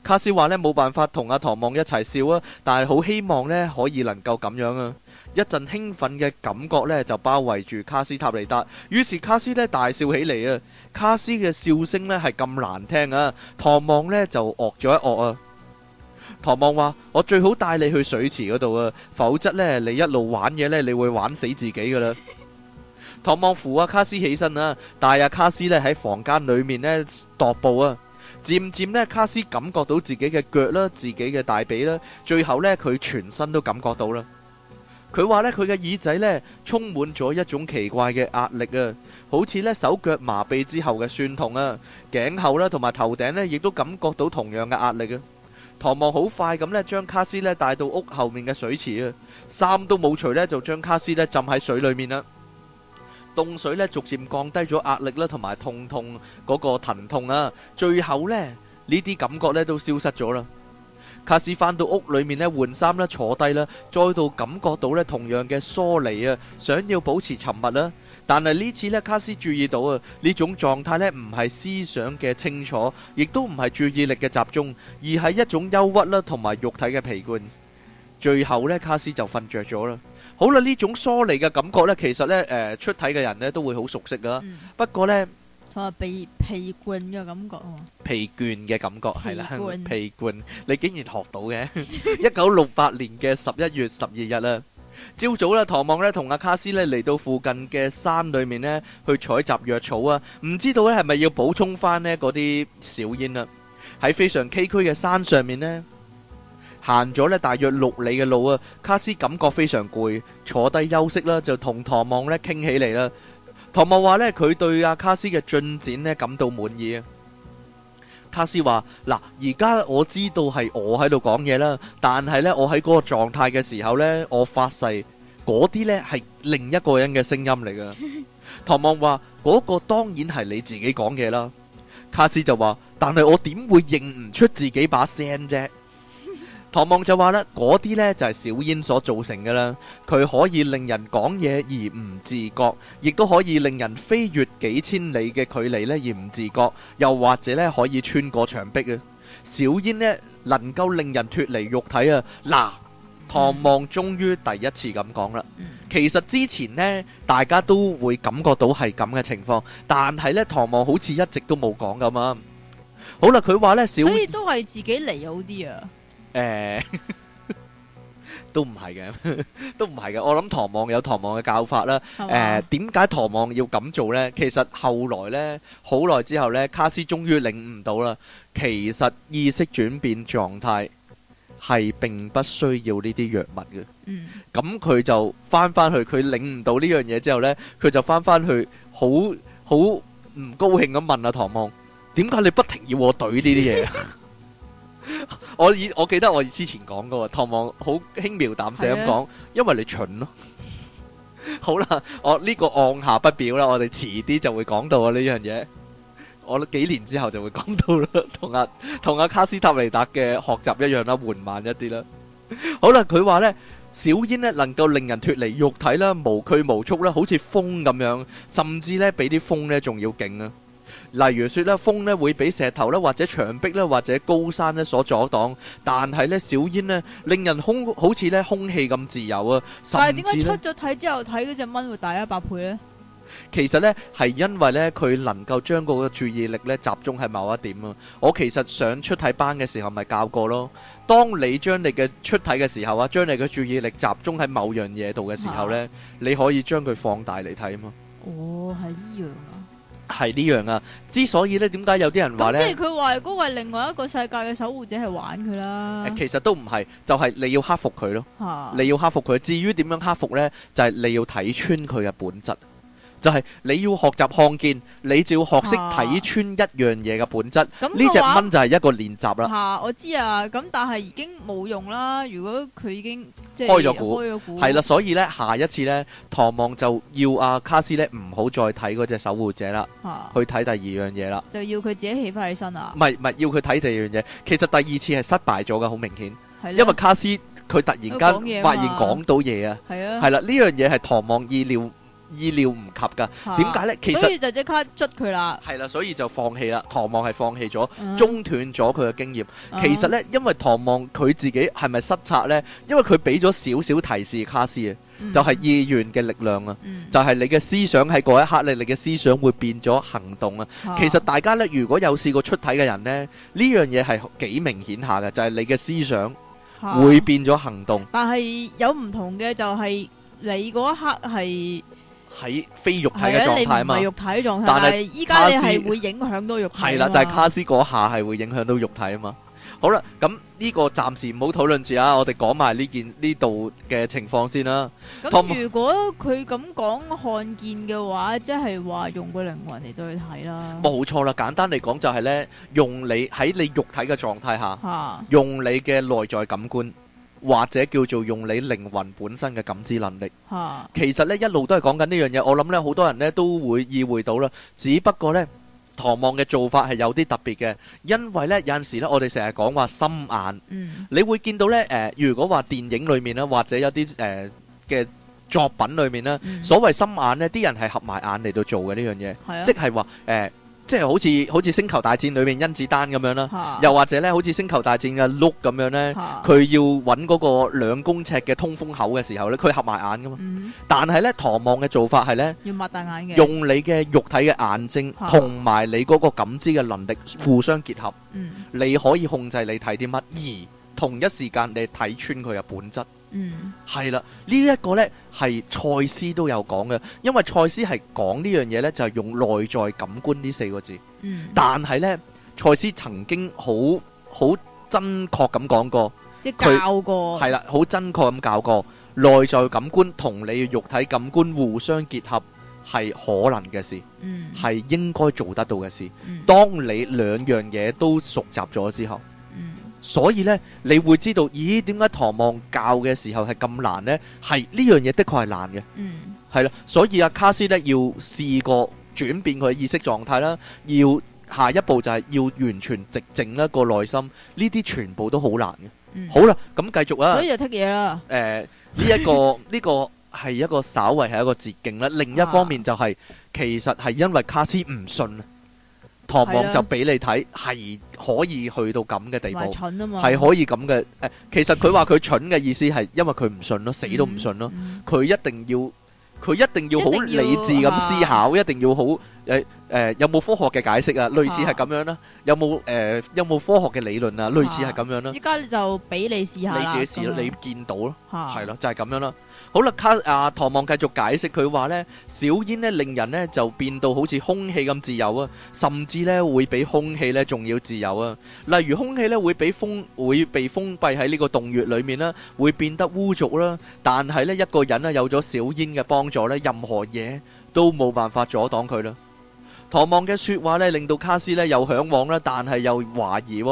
卡斯話呢冇辦法同阿唐望一齊笑啊，但係好希望呢可以能夠咁樣啊。一陣興奮嘅感覺呢就包圍住卡斯塔尼達，於是卡斯呢大笑起嚟啊。卡斯嘅笑聲呢係咁難聽啊。唐望呢就惡咗一惡啊。唐望話：我最好帶你去水池嗰度啊，否則呢，你一路玩嘢呢，你會玩死自己㗎喇。唐望扶阿、啊、卡斯起身啊，帶阿卡斯呢喺房間裏面呢踱步啊，漸漸呢，卡斯感覺到自己嘅腳啦，自己嘅大髀啦，最後呢，佢全身都感覺到啦。佢話呢，佢嘅耳仔呢充滿咗一種奇怪嘅壓力啊，好似呢手腳麻痹之後嘅酸痛啊，頸後啦同埋頭頂呢亦都感覺到同樣嘅壓力啊。唐望好快咁呢將卡斯呢帶到屋後面嘅水池啊，衫都冇除呢，就將卡斯呢浸喺水裏面啦。凍水咧，逐漸降低咗壓力啦，同埋痛痛嗰個疼痛啊，最後咧呢啲感覺咧都消失咗啦。卡斯翻到屋裏面咧，換衫啦，坐低啦，再度感覺到咧同樣嘅疏離啊，想要保持沉默啦，但係呢次咧卡斯注意到啊呢種狀態咧唔係思想嘅清楚，亦都唔係注意力嘅集中，而係一種憂鬱啦，同埋肉體嘅疲倦。最後咧卡斯就瞓着咗啦。好啦，呢種疏離嘅感覺呢，其實呢，誒、呃，出體嘅人咧都會好熟悉噶。嗯、不過咧，啊，疲疲倦嘅感覺、哦、疲倦嘅感覺係啦倦、嗯，疲倦。你竟然學到嘅， 一九六八年嘅十一月十二日啦，朝早呢，唐望呢同阿卡斯呢嚟到附近嘅山裏面呢，去採集藥草啊，唔知道呢係咪要補充翻呢嗰啲小煙啊？喺非常崎嶇嘅山上面呢。行咗呢大約六里嘅路啊，卡斯感覺非常攰，坐低休息啦，就同唐望咧傾起嚟啦。唐望話呢，佢對阿卡斯嘅進展呢感到滿意啊。卡斯話：嗱，而家我知道係我喺度講嘢啦，但係呢，我喺嗰個狀態嘅時候呢，我發誓嗰啲呢係另一個人嘅聲音嚟噶。唐望話：嗰個當然係你自己講嘢啦。卡斯就話：但係我點會認唔出自己把聲啫？唐望就話啦，嗰啲呢就係、是、小煙所造成嘅啦，佢可以令人講嘢而唔自覺，亦都可以令人飛越幾千里嘅距離呢而唔自覺，又或者呢可以穿過牆壁啊。小煙呢能夠令人脫離肉體啊。嗱，唐望終於第一次咁講啦。嗯、其實之前呢，大家都會感覺到係咁嘅情況，但係呢，唐望好似一直都冇講咁啊。好啦，佢話呢，小，所以都係自己嚟好啲啊。誒，uh, 都唔係嘅， 都唔係嘅。我諗唐望有唐望嘅教法啦。誒、啊，點解、uh, 唐望要咁做呢？其實後來呢，好耐之後呢，卡斯終於領悟到啦。其實意識轉變狀態係並不需要呢啲藥物嘅。嗯。咁佢就翻翻去，佢領悟到呢樣嘢之後呢，佢就翻翻去，好好唔高興咁問阿、啊、唐望，點解你不停要我懟呢啲嘢？ 我以我記得我之前講過，唐望好輕描淡寫咁講，啊、因為你蠢咯、啊。 好啦，我呢個按下不表啦，我哋遲啲就會講到啊呢樣嘢。我幾年之後就會講到啦，同阿同阿卡斯塔尼達嘅學習一樣啦，緩慢一啲啦。好啦，佢話呢，小煙呢能夠令人脫離肉體啦，無拘無束啦，好似風咁樣，甚至呢，比啲風呢仲要勁啊。例如說咧，風咧會俾石頭咧或者牆壁咧或者高山咧所阻擋，但係咧小煙咧令人空好似咧空氣咁自由啊！但係點解出咗體之後睇嗰隻蚊會大一百倍呢？其實呢，係因為咧佢能夠將嗰個注意力咧集中喺某一點啊！我其實上出體班嘅時候咪教過咯，當你將你嘅出體嘅時候啊，將你嘅注意力集中喺某樣嘢度嘅時候呢，啊、你可以將佢放大嚟睇啊嘛！哦，係呢樣啊！係呢樣啊！之所以咧，點解有啲人話咧、嗯？即係佢話嗰個係另外一個世界嘅守護者，係玩佢啦。其實都唔係，就係、是、你要克服佢咯。啊、你要克服佢。至於點樣克服呢？就係、是、你要睇穿佢嘅本質。就係你要學習看見，你就要學識睇穿一樣嘢嘅本質。呢隻、啊嗯、蚊就係一個練習啦。我知啊，咁但係已經冇用啦。如果佢已經、即係、開咗估，係啦，所以呢，下一次呢，唐望就要阿、啊、卡斯呢唔好再睇嗰隻守護者啦，啊、去睇第二樣嘢啦。就要佢自己起翻起身啊？唔係唔係，要佢睇第二樣嘢。其實第二次係失敗咗嘅，好明顯，呢因為卡斯佢突然間發現講到嘢啊，係啊，係啦，呢樣嘢係唐望意料、嗯。意料唔及噶，點解呢？其實，所以就即刻捉佢啦。係啦，所以就放棄啦。唐望係放棄咗，嗯、中斷咗佢嘅經驗。嗯、其實呢，因為唐望佢自己係咪失策呢？因為佢俾咗少少提示卡斯，嗯、就係意願嘅力量啊，嗯、就係你嘅思想喺嗰一刻，你嘅思想會變咗行動啊。啊其實大家呢，如果有試過出體嘅人呢，呢樣嘢係幾明顯下嘅，就係、是、你嘅思想會變咗行動。啊、但係有唔同嘅，就係你嗰一刻係。喺非肉體嘅狀態嘛，肉體嘅狀態。但係依家你係會影響到肉體。係啦， 就係、是、卡斯嗰下係會影響到肉體啊嘛。好啦，咁呢個暫時唔好討論住啊，我哋講埋呢件呢度嘅情況先啦。咁如果佢咁講看見嘅話，即係話用個靈魂嚟對睇啦。冇 錯啦，簡單嚟講就係咧，用你喺你肉體嘅狀態下，用你嘅內在感官。或者叫做用你靈魂本身嘅感知能力，其實咧一路都係講緊呢樣嘢，我諗咧好多人咧都會意會到啦。只不過咧，唐望嘅做法係有啲特別嘅，因為咧有陣時咧我哋成日講話心眼，你會見到咧誒，如果話電影裏面啦，或者有啲誒嘅作品裏面啦，所謂心眼咧，啲人係合埋眼嚟到做嘅呢樣嘢，即係話誒。即係好似好似星球大戰裏面甄子丹咁樣啦，啊、又或者咧好似星球大戰嘅 Luke 咁樣咧，佢、啊、要揾嗰個兩公尺嘅通風口嘅時候咧，佢合埋眼噶嘛。嗯、但係咧，唐望嘅做法係咧，要擘大眼嘅，用你嘅肉體嘅眼睛同埋你嗰個感知嘅能力互相結合，嗯、你可以控制你睇啲乜，而同一時間你睇穿佢嘅本質。嗯，係啦，呢、這、一個呢係賽斯都有講嘅，因為賽斯係講呢樣嘢呢，就係、是、用內在感官呢四個字。嗯，但係呢，賽斯曾經好好真確咁講過，即係教過，係啦，好真確咁教過，內在感官同你嘅肉體感官互相結合係可能嘅事，嗯，係應該做得到嘅事。嗯，當你兩樣嘢都熟習咗之後。所以咧，你會知道，咦？點解唐望教嘅時候係咁難呢？係呢樣嘢的確係難嘅，係啦、嗯。所以阿、啊、卡斯咧要試過轉變佢意識狀態啦，要下一步就係要完全直靜一個內心，呢啲全部都難、嗯、好難嘅。好啦，咁繼續啦、啊。所以就得嘢啦。呢、呃、一個呢 個係一個稍為係一個捷徑啦。另一方面就係、是啊、其實係因為卡斯唔信。渴望就俾你睇，係可以去到咁嘅地步，係可以咁嘅。誒，其實佢話佢蠢嘅意思係因為佢唔信咯， 死都唔信咯。佢一定要，佢一定要好理智咁思考，一定要好。誒誒，有冇科學嘅解釋啊？類似係咁樣啦，有冇誒有冇科學嘅理論啊？類似係咁樣啦。依家就俾你試下啦。你試，你見到咯，係咯，就係咁樣啦。好啦，卡啊，唐望繼續解釋，佢話咧，小煙咧，令人咧就變到好似空氣咁自由啊，甚至咧會比空氣咧仲要自由啊。例如空氣咧會俾封，會被封閉喺呢個洞穴裏面啦，會變得污濁啦。但係咧一個人咧有咗小煙嘅幫助咧，任何嘢都冇辦法阻擋佢啦。唐望嘅說話咧，令到卡斯咧又向往啦，但係又懷疑。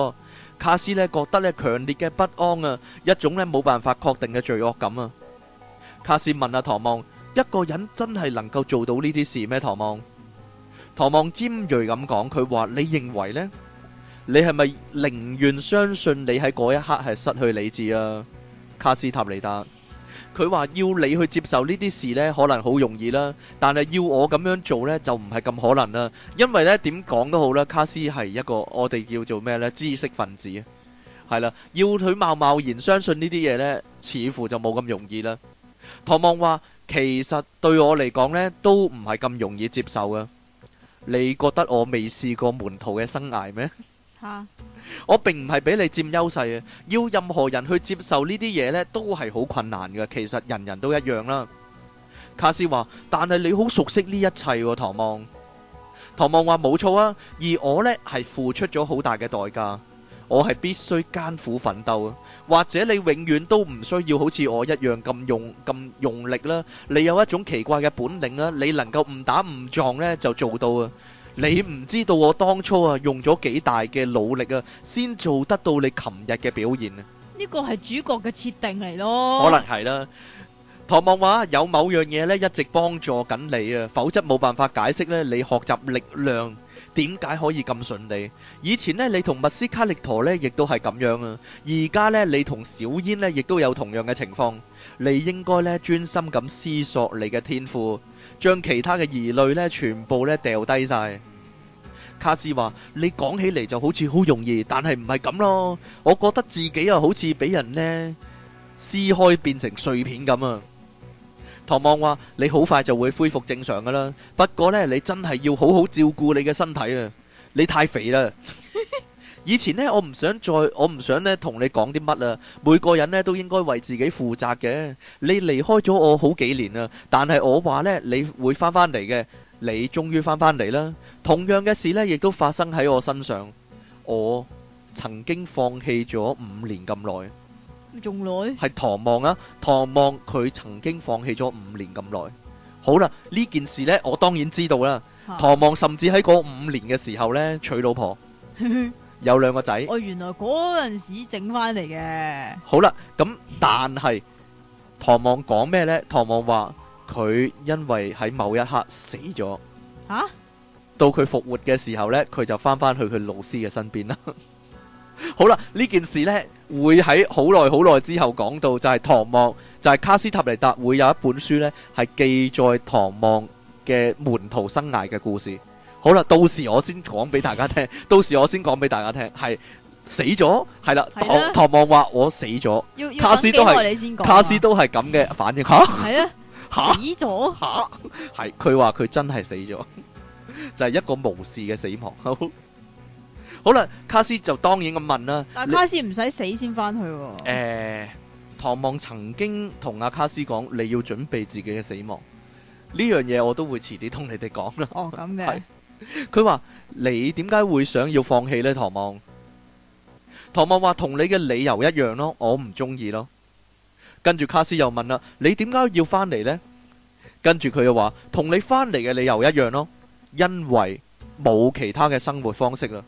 卡斯咧覺得咧強烈嘅不安啊，一種咧冇辦法確定嘅罪惡感啊。卡斯問阿唐望：一個人真係能夠做到呢啲事咩？唐望，唐望尖銳咁講，佢話你認為呢？你係咪寧願相信你喺嗰一刻係失去理智啊？卡斯塔尼達。佢話要你去接受呢啲事呢，可能好容易啦。但係要我咁樣做呢，就唔係咁可能啦。因為呢，點講都好啦，卡斯係一個我哋叫做咩呢，知識分子，係啦。要佢貿貿然相信呢啲嘢呢，似乎就冇咁容易啦。唐望話：其實對我嚟講呢，都唔係咁容易接受噶。你覺得我未試過門徒嘅生涯咩？吓、啊？我並唔係俾你佔優勢啊！要任何人去接受呢啲嘢呢，都係好困難㗎。其實人人都一樣啦。卡斯話：但係你好熟悉呢一切喎，唐望。唐望話：冇錯啊。而我呢，係付出咗好大嘅代價，我係必須艱苦奮鬥啊。或者你永遠都唔需要好似我一樣咁用咁用力啦。你有一種奇怪嘅本領啊，你能夠誤打誤撞呢，就做到啊！你唔知道我當初啊用咗幾大嘅努力啊，先做得到你琴日嘅表現啊！呢個係主角嘅設定嚟咯，可能係啦。唐望話，有某樣嘢咧，一直幫助緊你啊，否則冇辦法解釋咧，你學習力量點解可以咁順利？以前咧，你同密斯卡力陀咧，亦都係咁樣啊。而家咧，你同小煙咧，亦都有同樣嘅情況。你應該咧專心咁思索你嘅天賦，將其他嘅疑慮咧全部咧掉低晒。卡斯話：你講起嚟就好似好容易，但係唔係咁咯。我覺得自己啊，好似俾人咧撕開變成碎片咁啊。唐望話：你好快就會恢復正常噶啦。不過呢，你真係要好好照顧你嘅身體啊！你太肥啦。以前呢，我唔想再，我唔想呢同你講啲乜啦。每個人呢，都應該為自己負責嘅。你離開咗我好幾年啦，但係我話呢，你會翻翻嚟嘅。你終於翻翻嚟啦。同樣嘅事呢，亦都發生喺我身上。我曾經放棄咗五年咁耐。仲耐係唐望啊！唐望佢曾經放棄咗五年咁耐。好啦，呢件事咧，我當然知道啦。唐望甚至喺嗰五年嘅時候咧，娶老婆，有兩個仔。哦，原來嗰陣時整翻嚟嘅。好啦，咁但係唐望講咩咧？唐望話佢因為喺某一刻死咗，吓到佢復活嘅時候咧，佢就翻翻去佢老師嘅身邊啦。好啦，呢件事呢會喺好耐好耐之後講到，就係、是、唐望，就係、是、卡斯塔尼達會有一本書呢，係記載唐望嘅門徒生涯嘅故事。好啦，到時我先講俾大家聽， 到時我先講俾大家聽，係死咗，係啦，唐唐啦望話我死咗，卡斯都係、啊、卡斯都係咁嘅反應，吓係啊，啦 死咗了吓，係佢話佢真係死咗， 就係一個無事嘅死亡。 好啦，卡斯就當然咁問啦。但係卡斯唔使死先翻去喎。誒，唐望曾經同阿卡斯講，你要準備自己嘅死亡呢樣嘢，我都會遲啲同你哋講啦。哦，咁嘅。係佢話你點解會想要放棄呢？唐望，唐望話同你嘅理由一樣咯，我唔中意咯。跟住卡斯又問啦，你點解要翻嚟呢？跟住佢又話同你翻嚟嘅理由一樣咯，因為冇其他嘅生活方式啦。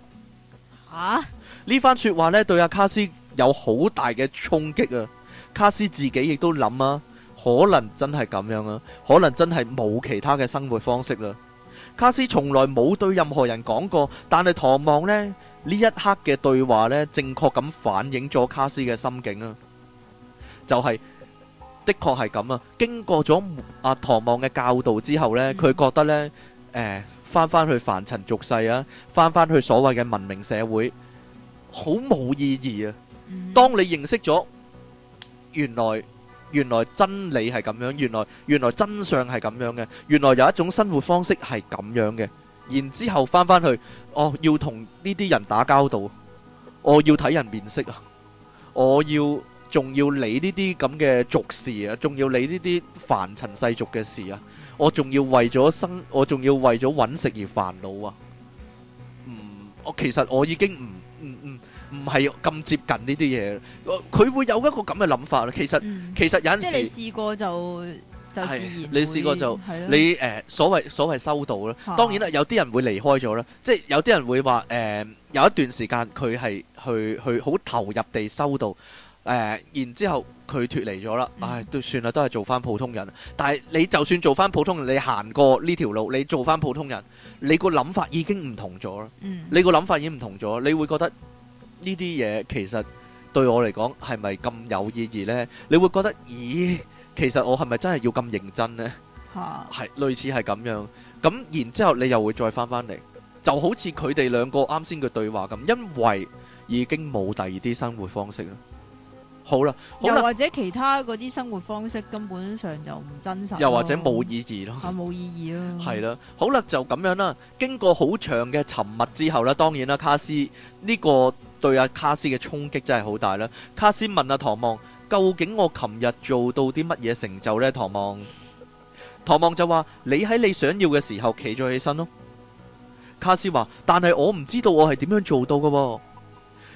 啊！呢番說話咧對阿、啊、卡斯有好大嘅衝擊啊！卡斯自己亦都諗啊，可能真係咁樣啊，可能真係冇其他嘅生活方式啦。卡斯從來冇對任何人講過，但係唐望咧，呢一刻嘅對話呢，正確咁反映咗卡斯嘅心境啊！就係、是、的確係咁啊！經過咗阿唐望嘅教導之後呢，佢覺得呢。誒、呃。返返去凡塵俗世啊，返返去所謂嘅文明社會，好冇意義啊！當你認識咗，原來原來真理係咁樣，原來原來真相係咁樣嘅，原來有一種生活方式係咁樣嘅，然之後返返去，哦，要同呢啲人打交道，我要睇人面色啊，我要仲要理呢啲咁嘅俗事啊，仲要理呢啲凡塵世俗嘅事啊！我仲要為咗生，我仲要為咗揾食而煩惱啊！唔，我其實我已經唔唔唔係咁接近呢啲嘢。佢會有一個咁嘅諗法啦。其實、嗯、其實有陣時即係你試過就就自然，你試過就你誒、呃、所謂所謂修道啦。當然啦，有啲人會離開咗啦。即係有啲人會話誒，有一段時間佢係去去好投入地修道。誒、呃，然之後佢脱離咗啦，嗯、唉，都算啦，都係做翻普通人。但係你就算做翻普通人，你行過呢條路，你做翻普通人，你個諗法已經唔同咗啦。嗯、你個諗法已經唔同咗，你會覺得呢啲嘢其實對我嚟講係咪咁有意義呢？你會覺得，咦，其實我係咪真係要咁認真呢？嚇、啊，係類似係咁樣。咁然之後你又會再翻翻嚟，就好似佢哋兩個啱先嘅對話咁，因為已經冇第二啲生活方式啦。好啦，好又或者其他嗰啲生活方式根本上就唔真實，又或者冇意義咯，冇、啊、意義咯，係啦，好啦，就咁樣啦。經過好長嘅沉默之後呢，當然啦，卡斯呢、這個對阿、啊、卡斯嘅衝擊真係好大啦。卡斯問阿、啊、唐望：究竟我琴日做到啲乜嘢成就呢？」唐望，唐望就話：你喺你想要嘅時候企咗起身咯。卡斯話：但係我唔知道我係點樣做到嘅喎、哦。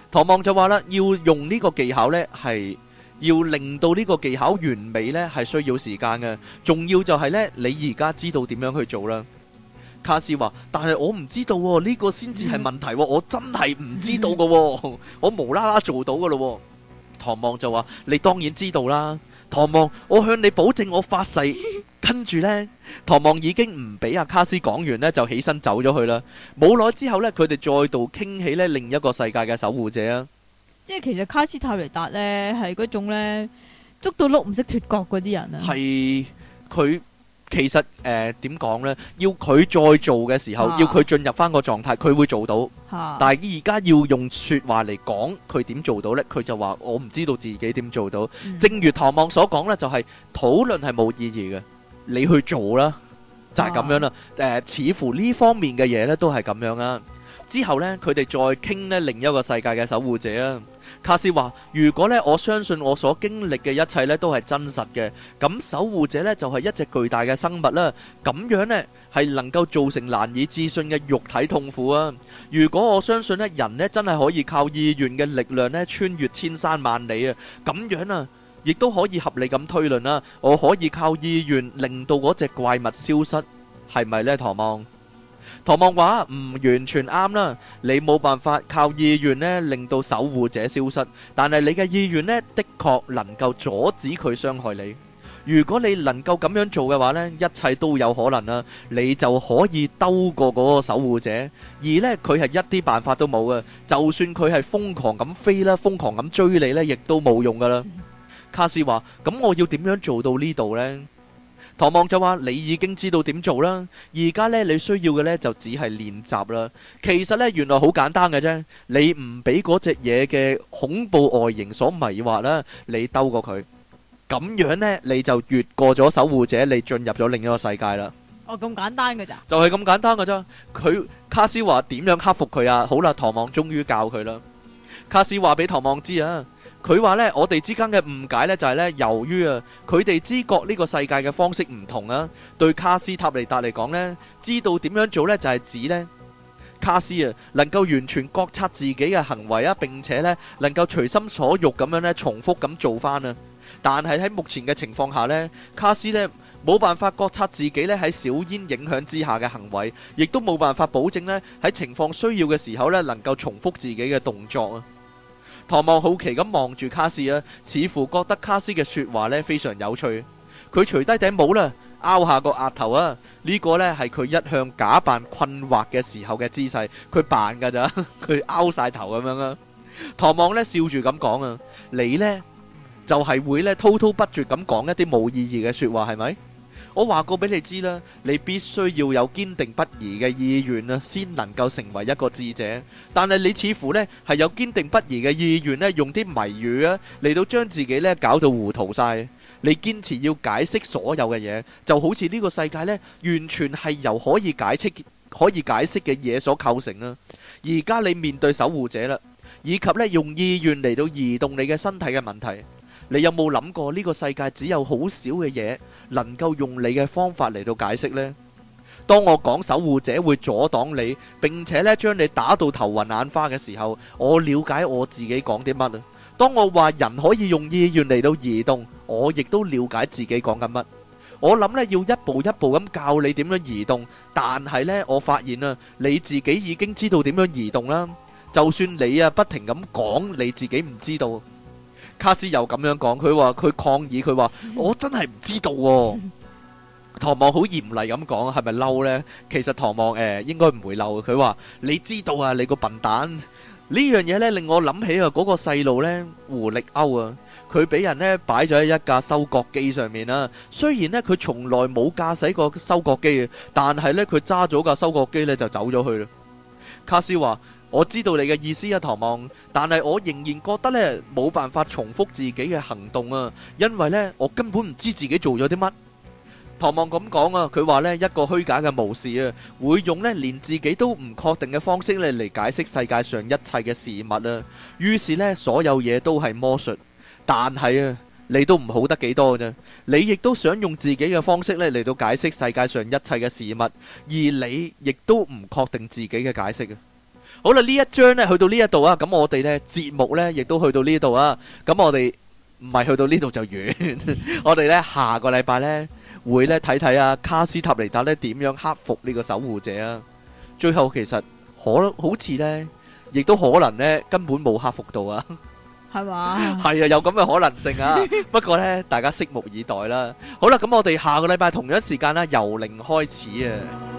唐望就話啦，要用呢個技巧呢，係要令到呢個技巧完美呢，係需要時間嘅。仲要就係呢，你而家知道點樣去做啦。卡斯話：，但係我唔知道喎，呢個先至係問題喎，我真係唔知道嘅喎。我無啦啦做到嘅咯喎。唐望就話：，你當然知道啦。唐望，我向你保證，我發誓。跟住咧，唐望已經唔俾阿卡斯講完咧，就起身走咗去啦。冇耐之後咧，佢哋再度傾起咧另一個世界嘅守護者啊。即係其實卡斯泰雷達咧係嗰種咧捉到碌唔識脫角嗰啲人啊。係佢其實誒點講咧？要佢再做嘅時候，要佢進入翻個狀態，佢會做到。但係而家要用說話嚟講，佢點做到咧？佢就話我唔知道自己點做到。正如唐望所講咧，就係討論係冇意義嘅。你去做啦，就係咁樣啦。誒，似乎呢方面嘅嘢呢都係咁樣啦。之後呢，佢哋再傾呢另一個世界嘅守護者啊。卡斯話：如果呢，我相信我所經歷嘅一切呢都係真實嘅。咁守護者呢就係一隻巨大嘅生物啦。咁樣呢，係能夠造成難以置信嘅肉體痛苦啊。如果我相信呢，人呢真係可以靠意願嘅力量呢穿越千山萬里啊。咁樣啊。亦都可以合理咁推論啦。我可以靠意願令到嗰隻怪物消失，係咪呢？唐望，唐望話唔完全啱啦。你冇辦法靠意願呢令到守護者消失，但係你嘅意願呢的確能夠阻止佢傷害你。如果你能夠咁樣做嘅話呢，一切都有可能啦。你就可以兜過嗰個守護者，而呢佢係一啲辦法都冇呀。就算佢係瘋狂咁飛啦，瘋狂咁追你呢，亦都冇用噶啦。卡斯話：咁我要點樣做到呢度咧？唐望就話：你已經知道點做啦，而家咧你需要嘅咧就只係練習啦。其實咧原來好簡單嘅啫，你唔俾嗰隻嘢嘅恐怖外形所迷惑啦，你兜過佢，咁樣咧你就越過咗守護者，你進入咗另一個世界啦。哦，咁簡單噶咋？就係咁簡單噶咋？佢卡斯話點樣克服佢啊？好啦，唐望終於教佢啦。卡斯話俾唐望知啊。佢話呢，我哋之間嘅誤解呢，就係呢：由於啊，佢哋知覺呢個世界嘅方式唔同啊。對卡斯塔尼達嚟講呢，知道點樣做呢，就係指呢卡斯啊，能夠完全覺察自己嘅行為啊，並且呢，能夠隨心所欲咁樣呢重複咁做返啊。但係喺目前嘅情況下呢，卡斯咧冇辦法覺察自己咧喺小煙影響之下嘅行為，亦都冇辦法保證呢喺情況需要嘅時候呢能夠重複自己嘅動作啊。唐望好奇咁望住卡斯啊，似乎覺得卡斯嘅說話咧非常有趣。佢除低頂帽啦，拗下個額頭啊，呢個咧係佢一向假扮困惑嘅時候嘅姿勢，佢扮噶咋，佢拗晒頭咁樣啦。唐望咧笑住咁講啊，你呢，就係會咧滔滔不絕咁講一啲冇意義嘅說話，係咪？我話過俾你知啦，你必須要有堅定不移嘅意願啊，先能夠成為一個智者。但係你似乎呢係有堅定不移嘅意願咧，用啲謎語啊嚟到將自己咧搞到糊塗晒。你堅持要解釋所有嘅嘢，就好似呢個世界呢，完全係由可以解釋可以解釋嘅嘢所構成啦。而家你面對守護者啦，以及呢用意願嚟到移動你嘅身體嘅問題。你有冇諗過呢個世界只有好少嘅嘢，能夠用你嘅方法嚟到解釋咧？當我講守護者會阻擋你，並且咧將你打到頭暈眼花嘅時候，我了解我自己講啲乜啊！當我話人可以用意願嚟到移動，我亦都了解自己講緊乜。我諗咧要一步一步咁教你點樣移動，但係咧我發現啊，你自己已經知道點樣移動啦，就算你啊不停咁講你自己唔知道。卡斯又咁樣講，佢話佢抗議，佢話我真係唔知道，啊。唐 望好嚴厲咁講，係咪嬲呢？其實唐望誒、呃、應該唔會嬲。佢話你知道啊，你個笨蛋呢 樣嘢呢，令我諗起啊嗰個細路呢，狐力歐啊，佢俾人呢擺咗喺一架收割機上面啦，啊。雖然呢，佢從來冇駕駛過收割機啊，但係呢，佢揸咗架收割機呢就走咗去啦。卡斯話。我知道你嘅意思啊，唐望，但係我仍然覺得呢，冇辦法重複自己嘅行動啊，因為呢，我根本唔知自己做咗啲乜。唐望咁講啊，佢話呢，一個虛假嘅巫士啊，會用呢連自己都唔確定嘅方式呢嚟解釋世界上一切嘅事物啊。於是呢，所有嘢都係魔術。但係啊，你都唔好得幾多啫。你亦都想用自己嘅方式呢嚟到解釋世界上一切嘅事物，而你亦都唔確定自己嘅解釋啊。好啦，呢一章咧，去到呢一度啊，咁我哋咧節目咧亦都去到呢度啊，咁我哋唔係去到呢度就完，我哋咧下個禮拜咧會咧睇睇啊卡斯塔尼達咧點樣克服呢個守護者啊，最後其實可能好似咧，亦都可能咧根本冇克服到啊，係嘛？係啊，有咁嘅可能性啊，不過咧大家拭目以待啦。好啦，咁我哋下個禮拜同樣時間啦，由零開始啊。